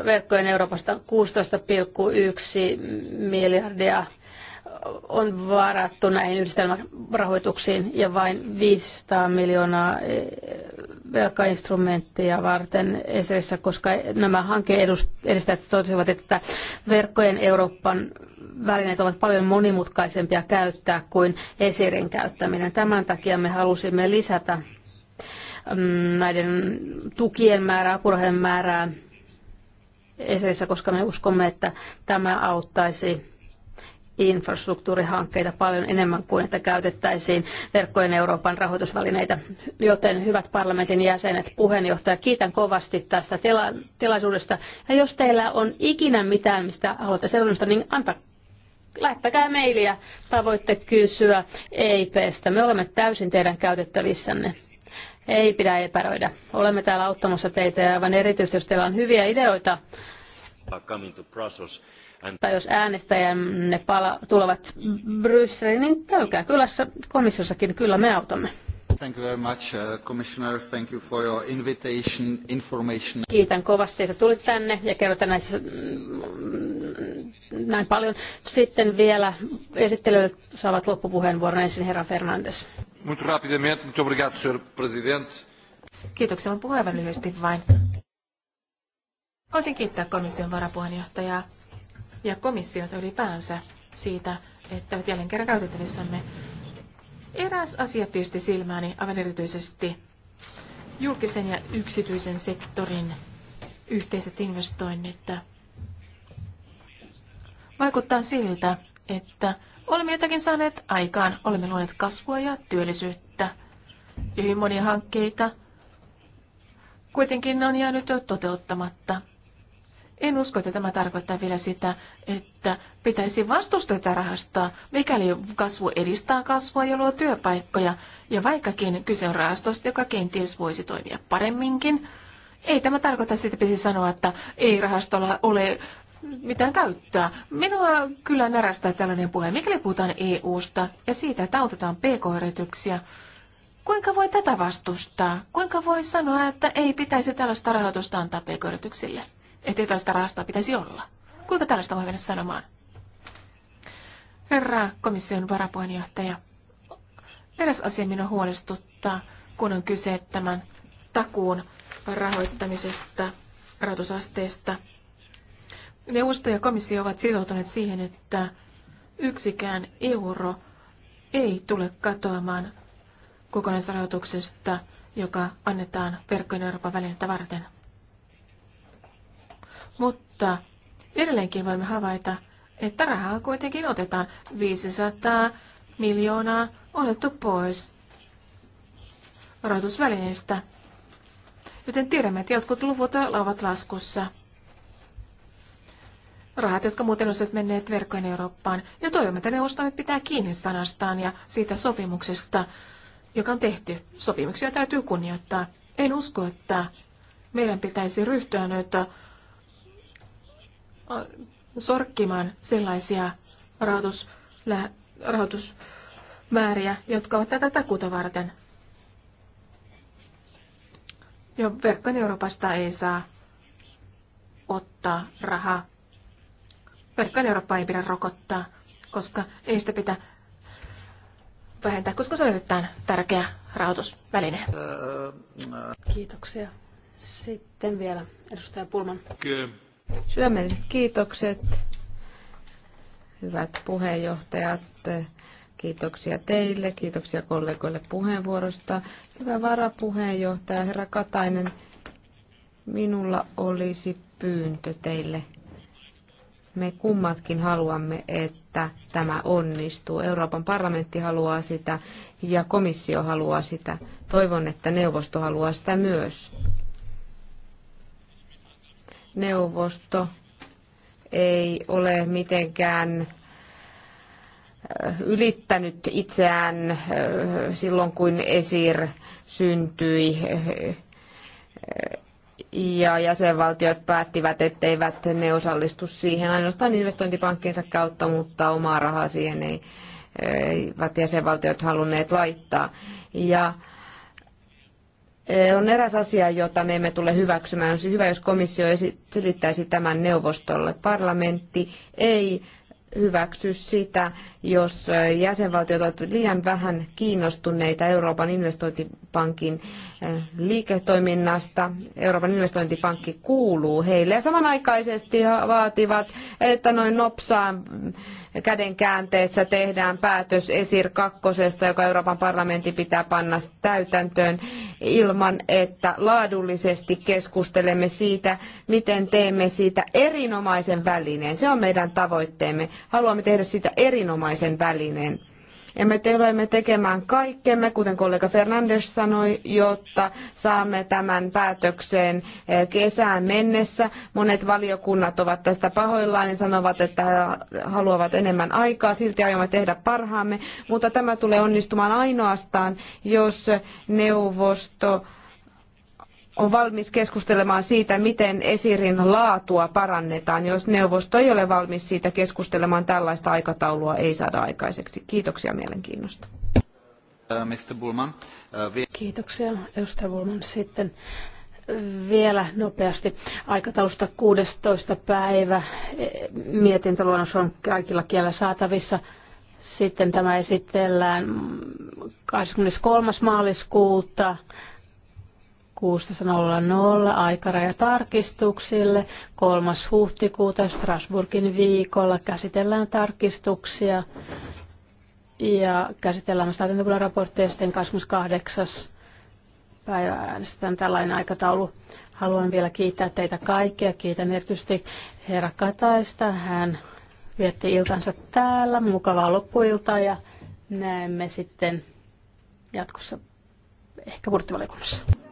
verkkojen Euroopasta 16,1 miljardia on varattu näihin yhdistelmärahoituksiin ja vain 500 miljoonaa velkainstrumenttia varten esirissä, koska nämä hankkeen edistäjät totesivat, että verkkojen Euroopan välineet ovat paljon monimutkaisempia käyttää kuin esirin käyttäminen. Tämän takia me halusimme lisätä mm, näiden tukien määrää, apurahojen määrää esirissä, koska me uskomme, että tämä auttaisi infrastruktuurihankkeita paljon enemmän kuin että käytettäisiin verkkojen Euroopan rahoitusvälineitä. Joten hyvät parlamentin jäsenet, puheenjohtaja, kiitän kovasti tästä tila- tilaisuudesta. Ja jos teillä on ikinä mitään, mistä haluatte selvennystä, niin antakaa lähettäkää meiliä tai voitte kysyä EIPstä. Me olemme täysin teidän käytettävissänne. Ei pidä epäröidä. Olemme täällä auttamassa teitä ja aivan erityisesti, jos teillä on hyviä ideoita tai jos äänestäjänne pala- tulevat Brysseliin, niin käykää kyllä komissiossakin, kyllä me autamme. Thank you very much, uh, Commissioner. Thank you for your invitation, information. Kiitän kovasti, että tulit tänne ja kerrot näistä mm, näin paljon. Sitten vielä esittelijät saavat loppupuheenvuoron ensin herra Fernandes. Muito rapidamente, muito obrigado, senhor presidente. Kiitoksia, on puheenvuoron lyhyesti vain. Haluaisin kiittää komission varapuheenjohtajaa ja komissiota ylipäänsä siitä, että ovat jälleen kerran käytettävissämme Eräs asia pisti silmääni aivan erityisesti julkisen ja yksityisen sektorin yhteiset investoinnit. Vaikuttaa siltä, että olemme jotakin saaneet aikaan. Olemme luoneet kasvua ja työllisyyttä hyvin monia hankkeita. Kuitenkin ne on jäänyt toteuttamatta. En usko, että tämä tarkoittaa vielä sitä, että pitäisi vastustaa tätä rahasta, mikäli kasvu edistää kasvua ja luo työpaikkoja. Ja vaikkakin kyse on rahastosta, joka kenties voisi toimia paremminkin, ei tämä tarkoita sitä, pitäisi sanoa, että ei rahastolla ole mitään käyttöä. Minua kyllä närästää tällainen puhe. Mikäli puhutaan EU-sta ja siitä, että autetaan pk-yrityksiä, kuinka voi tätä vastustaa? Kuinka voi sanoa, että ei pitäisi tällaista rahoitusta antaa pk-yrityksille? ettei tällaista rahastoa pitäisi olla. Kuinka tällaista voi mennä sanomaan? Herra komission varapuheenjohtaja, eräs asia minua huolestuttaa, kun on kyse tämän takuun rahoittamisesta, rahoitusasteesta. Neuvosto ja komissio ovat sitoutuneet siihen, että yksikään euro ei tule katoamaan kokonaisrahoituksesta, joka annetaan verkkojen Euroopan välineitä varten. Mutta edelleenkin voimme havaita, että rahaa kuitenkin otetaan 500 miljoonaa on otettu pois rahoitusvälineistä. Joten tiedämme, että jotkut luvut ovat laskussa. Rahat, jotka muuten olisivat menneet verkkojen Eurooppaan. Ja toivomme, että neuvosto pitää kiinni sanastaan ja siitä sopimuksesta, joka on tehty. Sopimuksia täytyy kunnioittaa. En usko, että meidän pitäisi ryhtyä noita sorkkimaan sellaisia rahoituslä rahoitusmääriä, jotka ovat tätä takuuta varten. Jo verkkon Euroopasta ei saa ottaa rahaa. Verkkon Eurooppaa ei pidä rokottaa, koska ei sitä pitää vähentää, koska se on erittäin tärkeä rahoitusväline. Kiitoksia. Sitten vielä edustaja Pulman. Kyllä Sydämelliset kiitokset, hyvät puheenjohtajat. Kiitoksia teille, kiitoksia kollegoille puheenvuorosta. Hyvä varapuheenjohtaja, herra Katainen, minulla olisi pyyntö teille. Me kummatkin haluamme, että tämä onnistuu. Euroopan parlamentti haluaa sitä ja komissio haluaa sitä. Toivon, että neuvosto haluaa sitä myös neuvosto ei ole mitenkään ylittänyt itseään silloin, kun ESIR syntyi ja jäsenvaltiot päättivät, etteivät ne osallistu siihen ainoastaan investointipankkinsa kautta, mutta omaa rahaa siihen ei, eivät jäsenvaltiot halunneet laittaa. Ja Eh, on eräs asia, jota me emme tule hyväksymään. Olisi hyvä, jos komissio selittäisi tämän neuvostolle. Parlamentti ei hyväksy sitä, jos eh, jäsenvaltiot ovat liian vähän kiinnostuneita Euroopan investointipankin eh, liiketoiminnasta. Euroopan investointipankki kuuluu heille ja samanaikaisesti vaativat, että noin nopsaan kädenkäänteessä tehdään päätös ESIR 2, joka Euroopan parlamentti pitää panna täytäntöön ilman, että laadullisesti keskustelemme siitä, miten teemme siitä erinomaisen välineen. Se on meidän tavoitteemme. Haluamme tehdä siitä erinomaisen välineen. Ja me tulemme tekemään kaikkemme, kuten kollega Fernandes sanoi, jotta saamme tämän päätökseen eh, kesään mennessä. Monet valiokunnat ovat tästä pahoillaan ja sanovat, että haluavat enemmän aikaa. Silti aiomme tehdä parhaamme, mutta tämä tulee onnistumaan ainoastaan, jos neuvosto on valmis keskustelemaan siitä, miten esirin laatua parannetaan. Jos neuvosto ei ole valmis siitä keskustelemaan, tällaista aikataulua ei saada aikaiseksi. Kiitoksia mielenkiinnosta. Äh, Mr. Bullman. Äh, Kiitoksia, edustaja Bullman. Sitten vielä nopeasti aikataulusta 16. päivä. E, mietintöluonnos on kaikilla kielillä saatavissa. Sitten tämä esitellään 23. maaliskuuta 16.00 aikaraja tarkistuksille. 3. huhtikuuta Strasburgin viikolla käsitellään tarkistuksia ja käsitellään myös täytäntökunnan raportteja sitten 28. päivä äänestetään tällainen aikataulu. Haluan vielä kiittää teitä kaikkia. Kiitän erityisesti herra Kataista. Hän vietti iltansa täällä. Mukavaa loppuiltaa ja näemme sitten jatkossa ehkä budjettivaliokunnassa.